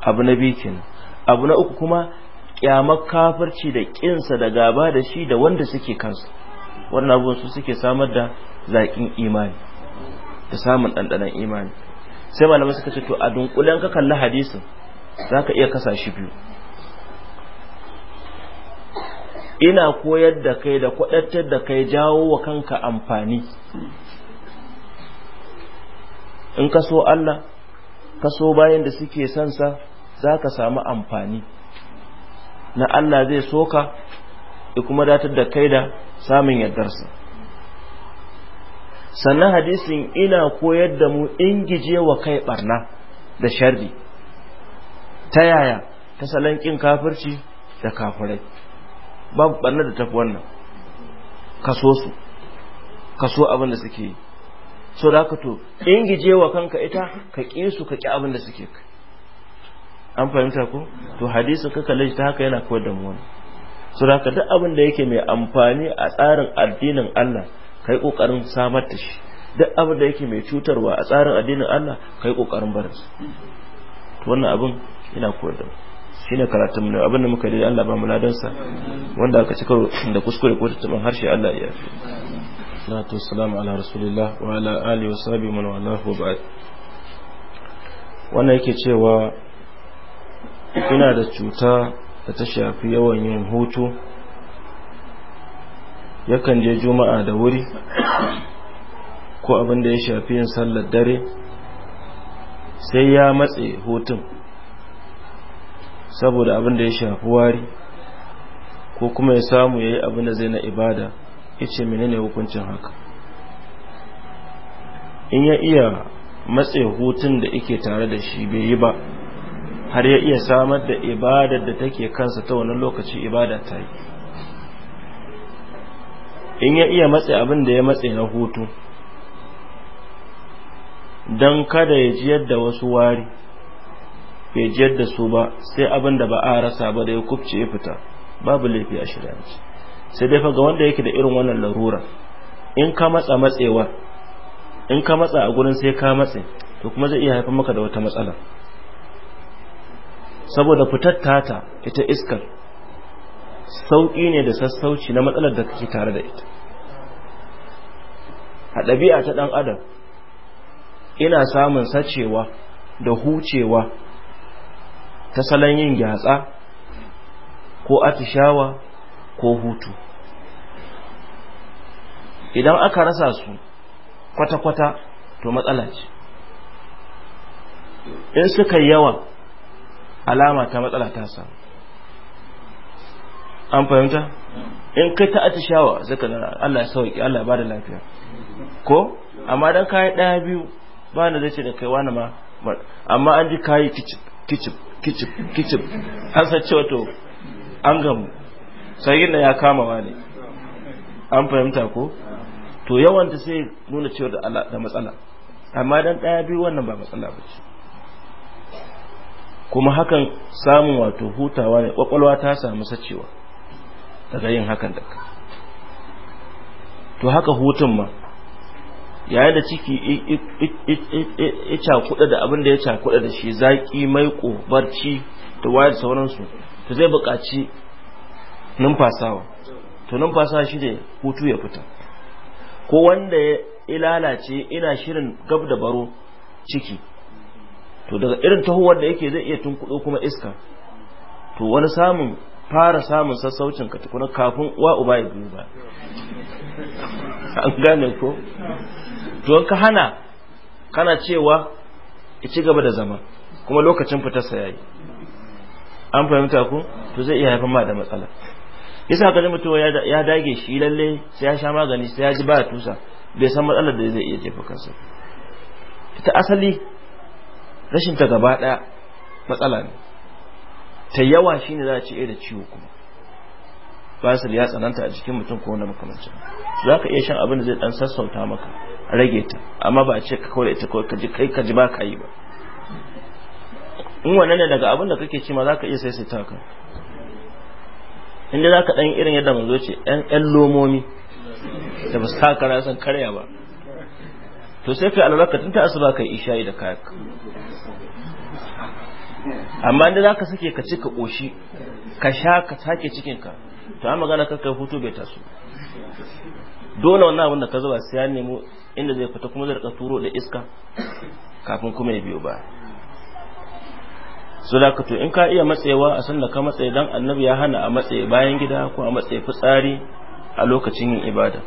abu na biyu abu na uku kuma kyamar kafirci da ƙinsa da gaba da shi da wanda suke kansa wannan abubuwan su suke samar da zaƙin imani da samun ɗanɗanon imani sai malamai suka ce to a dunkulen ka kalli hadisin za ka iya kasa shi biyu ina koyar da kai da kwaɗatar da kai jawo wa kanka amfani in ka so Allah ka so bayan da suke son sa za ka samu amfani na Allah zai soka ka kuma datar da kai da samun yardarsa sannan hadisin ina koyar da mu ingije wa kai barna da sharri ta yaya ta salon kin kafirci da kafirai babu barna da tafi wannan kaso su kaso abin da suke yi so da ka to gije wa kanka ita ka ƙi su ka ƙi abin da suke ka an fahimta ko to hadisi ka kalle ta haka yana koyar da mu so da ka duk abin da yake mai amfani a tsarin addinin Allah kai kokarin samar da shi duk abin da yake mai cutarwa a tsarin addinin Allah kai kokarin barin sa to wannan abin yana koyar da mu shine karatun mu abin da muka yi Allah ba mu ladansa. wanda aka cika da kuskure ko tuntuban harshe Allah ya yafe والصلاة والسلام على wa الله وعلى آله وصحبه من والاه ba'd wannan yake cewa ina da cuta da ta shafi yawan yin hutu yakan je juma'a da wuri ko abin da ya shafi yin sallar dare sai ya matse hutun saboda abin da ya shafi wari ko kuma ya samu ya yi abin da zai na ibada yace menene hukuncin haka in ya iya matse hutun da yake tare da shi bai yi ba har ya iya samar da ibadar da take kansa ta wannan lokaci ibada ta yi in ya iya matse abin da ya matse na hutu don kada ya ji yadda wasu wari bai ji yadda su ba sai abin da ba a rasa ba da ya kubce ya fita babu laifi a shirya sai dai fa ga wanda yake da irin wannan larura in ka matsa matsewar in ka matsa a gurin sai ka matse to kuma zai iya haifar maka da wata matsala saboda fitar tata ita iskar sauƙi ne da sassauci na matsalar da kake tare da ita a ɗabi'a ta ɗan adam ina samun sacewa da hucewa ta salon yin gyatsa ko atishawa ko hutu idan aka rasa su kwata-kwata to matsala ce in suka yi yawa alama ta matsala ta samu an fahimta in kai ta atishawa zaka na Allah ya sauki Allah ya bada lafiya ko amma dan kai daya biyu ba na zace da kai wani ma amma an ji kai kicip kicip kicip kicip an sace wato an gamu sarkin da ya kama wa ne an fahimta ko to yawan ta sai nuna cewa da matsala amma dan daya biyu wannan ba matsala ba ce kuma hakan samun wato hutawa ne kwakwalwa ta samu sacewa daga yin hakan da to haka hutun ma yayin da ciki ya cakuɗa da abin da ya cakuɗa da shi zaƙi mai barci da wayar sauransu ta zai buƙaci numfasawa to numfasawa shi ne hutu ya fita ko wanda ya ilalace ina shirin gab da baro ciki to daga irin tahowar da yake zai iya tunkuɗo kuma iska to wani samun fara samun sassaucin ka tukuna kafin wa uba ya biyu ba an gane ko to ka hana kana cewa ya ci gaba da zama kuma lokacin fitarsa ya yi an fahimta ku to zai iya haifar ma da matsala yasa ka zama cewa ya dage shi lalle sai ya sha magani sai ya ji ba tusa bai san matsalar da zai iya jefa kansa Ta asali rashin ta gaba daya matsala ne ta yawa shine za a ce da ciwo kuma basir ya tsananta a jikin mutum ko wani makamancin za ka iya shan abin da zai dan sassauta maka rage ta amma ba a ce ka kawai ita kawai kai ka ji ba ka yi ba in wannan ne daga abin da kake ci ma za ka iya sai-sai saisaita ka inda za ka ɗan irin yadda manzo ce ɗan ɗan lomomi da ba su takara san karya ba to sai kai alwala ka tunta asuba kai isha'i da kayak amma inda za ka sake ka ci ka ƙoshi ka sha ka take cikinka to an magana ka kai hutu bai taso dole wannan abin da ka zuba sai ya nemo inda zai fita kuma zai turo da iska kafin kuma ya biyo ba so da to in ka iya matsewa a sanda ka matse dan annabi ya hana a matse bayan gida ko a matse fitsari a lokacin yin ibada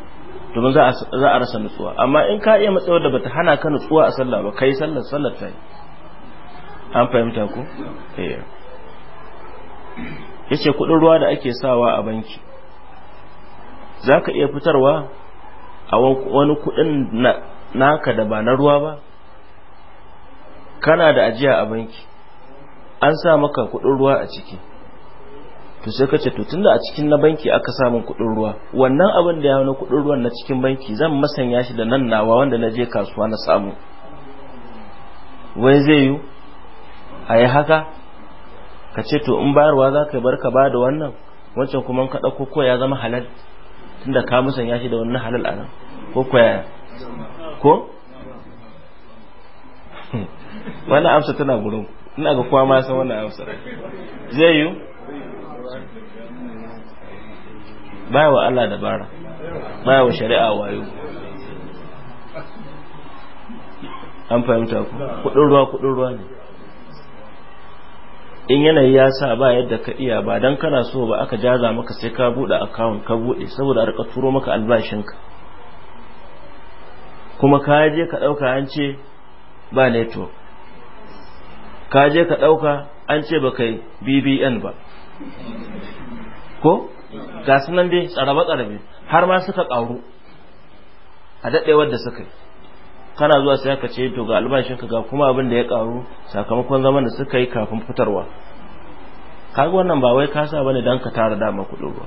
domin za a rasa nutsuwa amma in ka iya matsewar da bata hana ka nutsuwa a sallah ba kai sallar sallar ta yi an fahimta ku eh yace kudin ruwa da ake sawa a banki zaka iya fitarwa a wani kudin naka da ba na ruwa ba kana da ajiya a banki an sa maka kudin ruwa a ciki to sai kace to tunda a cikin na banki aka sa min kudin ruwa wannan abin da ya wani kudin ruwan na cikin banki zan masanya shi da nan nawa wanda na je kasuwa na samu wai zai yi a yi haka ka ce to in bayarwa za ka bar ka bada wannan wancan kuma ka dauko ko ya zama halal tunda ka musanya shi da wannan halal a nan ko ya ko wani amsa tana gurin in ga kwama san wannan amsa zai yi baya wa Allah dabara baya wa shari'a wayo an fahimta ku kudin ruwa kudin ruwa ne in yanayi ya sa ba yadda ka iya ba don kana so ba aka jaza maka sai ka bude account ka bude saboda a turo maka albashinka kuma ka je ka dauka an ce ba network ka je ka ɗauka an ce ba kai bbn ba ko ga sunan dai tsarabe-tsarabe har ma suka ƙaru a daɗewar da suka yi kana zuwa sai aka ce to ga albashinka ga kuma abin da ya ƙaru sakamakon zaman da suka yi kafin fitarwa kaga wannan ba wai ka sa bane dan ka tara dama kuɗi ba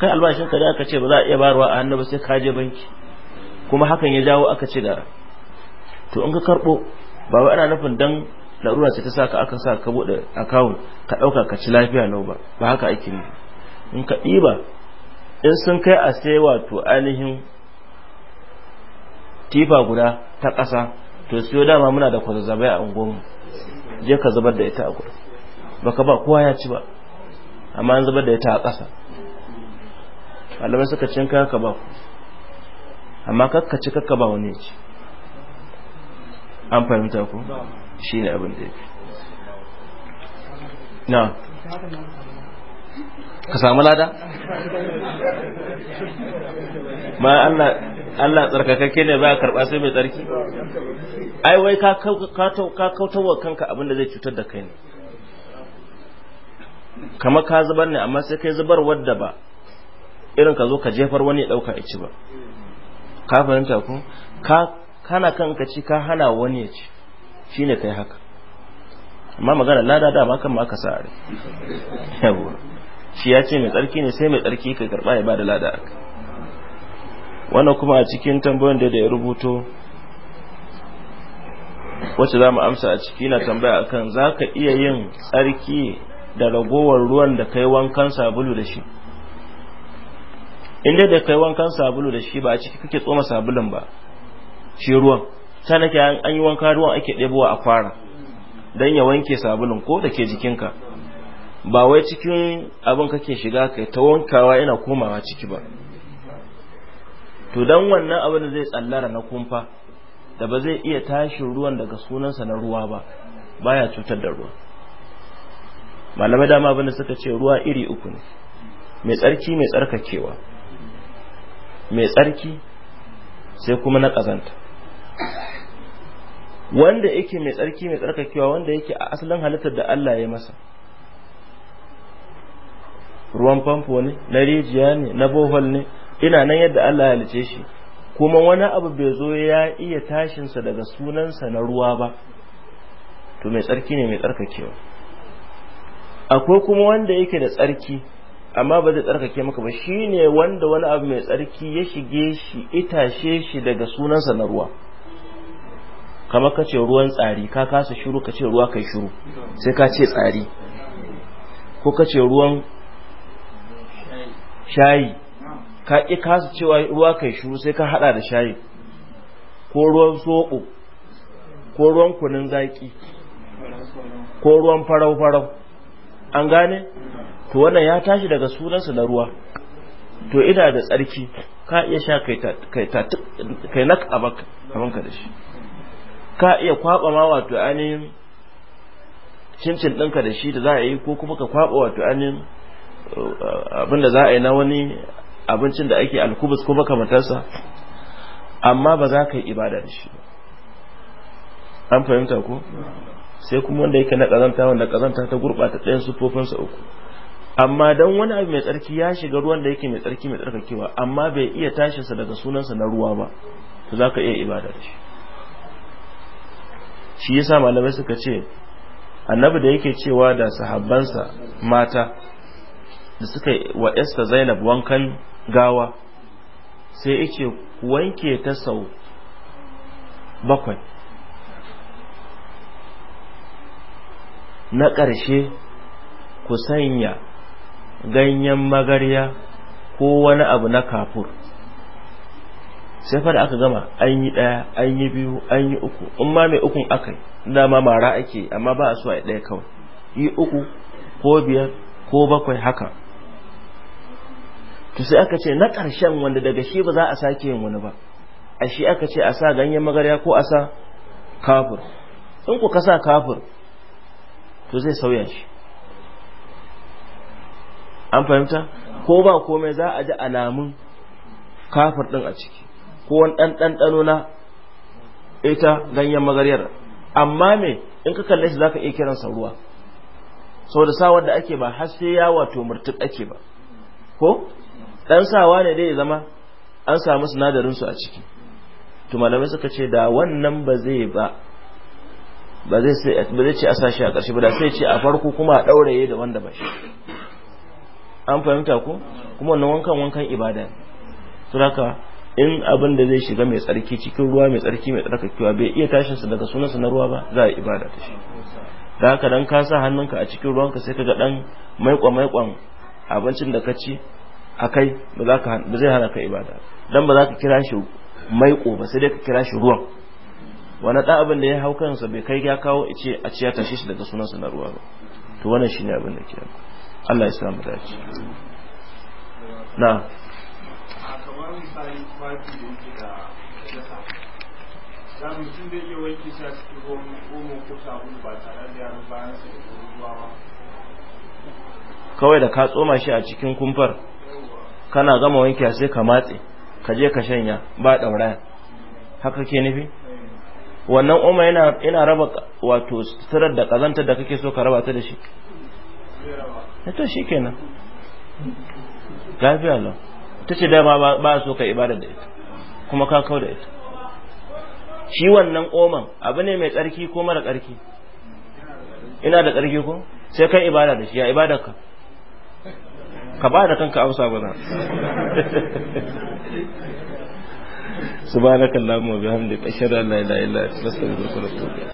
kai albashinka da aka ce ba za a iya bayarwa a hannu ba sai ka je banki kuma hakan ya jawo aka ci gara to in ka karɓo ba wai ana nufin dan larura ce ta saka aka sa ka bude account ka dauka ka ci lafiya lau ba ba haka ake yi in ka diba in sun kai a sai wato ainihin tifa guda ta kasa to siyo dama muna da kwazazzabai a unguwarmu je ka zubar da ita a gudu baka ba kowa ya ci ba amma an zubar da ita a kasa malamai suka cin ka ba ku amma kakka ci kakka ba wani ya ci an fahimta ku shi ne abin da ya na ka samu lada ma Allah tsarkakakke ne ba a karɓa sai mai tsarki ai wai ka kautarwa kanka abin da zai cutar da kai ne kama ka zubar ne amma sai kai zubar wadda ba irin ka zo ka jefar wani ya ɗauka ya ci ba ka fahimta ku kana kanka ci ka hana wani ya ci shine kai haka amma magana lada dama kan ma ka sa yawa shi ya ce mai tsarki ne sai mai tsarki ka karba ya bada lada aka wannan kuma a cikin tambayon da ya rubuto wacce za mu amsa a ciki na tambaya akan za ka iya yin tsarki da ragowar ruwan da kai wankan sabulu da shi inda da kai wankan sabulu da shi ba a ciki kake tsoma sabulun ba shi ruwan sana kayan an yi wanka ruwan ake ɗebowa a fara don ya wanke sabulun ko da ke jikinka ba wai cikin abin kake shiga kai ta wankawa yana komawa ciki ba to don wannan abin da zai tsallara na kumfa da ba zai iya tashin ruwan daga sunansa na ruwa ba baya cutar da ruwa malamai dama abin da suka ce ruwa iri uku ne mai tsarki mai tsarkakewa mai tsarki sai kuma na ƙazanta wanda yake mai tsarki mai tsarkakewa wanda yake a asalin halittar da Allah ya masa ruwan famfo ne na rijiya ne na bohol ne ina nan yadda Allah ya halice shi kuma wani abu bai zo ya iya tashinsa daga sunansa na ruwa ba to mai tsarki ne mai tsarkakewa akwai kuma wanda yake da tsarki amma ba zai tsarkake maka ba shine wanda wani abu mai tsarki ya shige shi itashe shi daga sunansa na ruwa kamar kace ruwan tsari ka kasa shiru kace ruwa kai shiru sai ka ce tsari ko kace ruwan shayi ka ki kasa cewa ruwa kai shiru sai ka hada da shayi ko ruwan soɓo ko ruwan kunin zaki ko ruwan farau farau an gane to wannan ya tashi daga sunansa na ruwa to ina da tsarki ka iya sha kai nak abin ka da shi ka iya kwaba ma wato ainihin cincin ɗinka da shi da za a yi ko kuma ka kwaba wato ainihin uh, abin da za a yi na wani abincin da ake alkubus ko makamantarsa amma ba za ka yi ibada da shi an fahimta ko sai kuma wanda yake na ƙazanta wanda ƙazanta ta gurɓata ɗayan sufofinsa uku amma don wani abu mai tsarki ya shiga ruwan da yake mai tsarki mai tsarkakewa amma bai iya tashinsa daga sunansa na ruwa ba to za ka iya ibada da shi shi yasa malamai suka ce annabi da yake cewa da sahabbansa mata da suka wa Esther Zainab wankan gawa sai yake wanke ta sau bakwai na ƙarshe ku sanya ganyen magarya ko wani abu na kafur sai fa da aka gama an yi ɗaya an yi biyu an yi uku in ma mai ukun aka dama mara ake amma ba a so a yi ɗaya kawai yi uku ko biyar ko bakwai haka to sai aka ce na ƙarshen wanda daga shi ba za a sake yin wani ba a shi aka ce a sa ganyen magarya ko a sa kafur in ku ka sa kafur to zai sauya shi an fahimta ko ba komai za a ji alamun kafur ɗin a ciki ko wani ɗan ɗanɗano na ita ganyen magaryar amma me in ka kalle shi zaka iya kiransa ruwa sau da sawar da ake ba har sai ya wato murtuk ake ba ko ɗan sawa ne dai ya zama an samu sinadarin su a ciki to malamai suka ce da wannan ba zai ba ba zai sai ba zai ce a sashi a ƙarshe ba da sai ce a farko kuma a ɗauraye da wanda ba shi an fahimta ko kuma wannan wankan wankan ibada to haka in abin da zai shiga mai tsarki cikin ruwa mai tsarki mai tsarkakewa bai iya tashin sa daga sunansa na ruwa ba za a ibada ta shi da haka dan ka sa hannunka a cikin ruwanka sai ka ga dan maikwa maikwan abincin da ka ci a kai ba za ka ba zai hana ka ibada dan ba za ka kira shi maiko ba sai dai ka kira shi ruwan wani da abin da ya hau kansa bai kai ya kawo ice a ci ya tashi shi daga sunansa na ruwa ba to wannan shine abin da ke Allah ya sa mu dace na kawai da ka tsoma shi a cikin kumfar kana gama wanke sai ka matse ka je ka shanya ba dauraya haka ke nufi eh. wannan oma yana raba wato suturar da kazantar da kake so ka raba ta da shi eh to shikenan gafiya lau ta ce dama ba so ka ibada da ita kuma ka kau da ita shi wannan oman abu ne mai tsarki ko mara tsarki ina da tsarki ko sai kai ibada da shi ya ibada ka ka ba da kanka amsa mana subhanakallahumma wa bihamdika ashhadu an la ilaha illa anta astaghfiruka wa atubu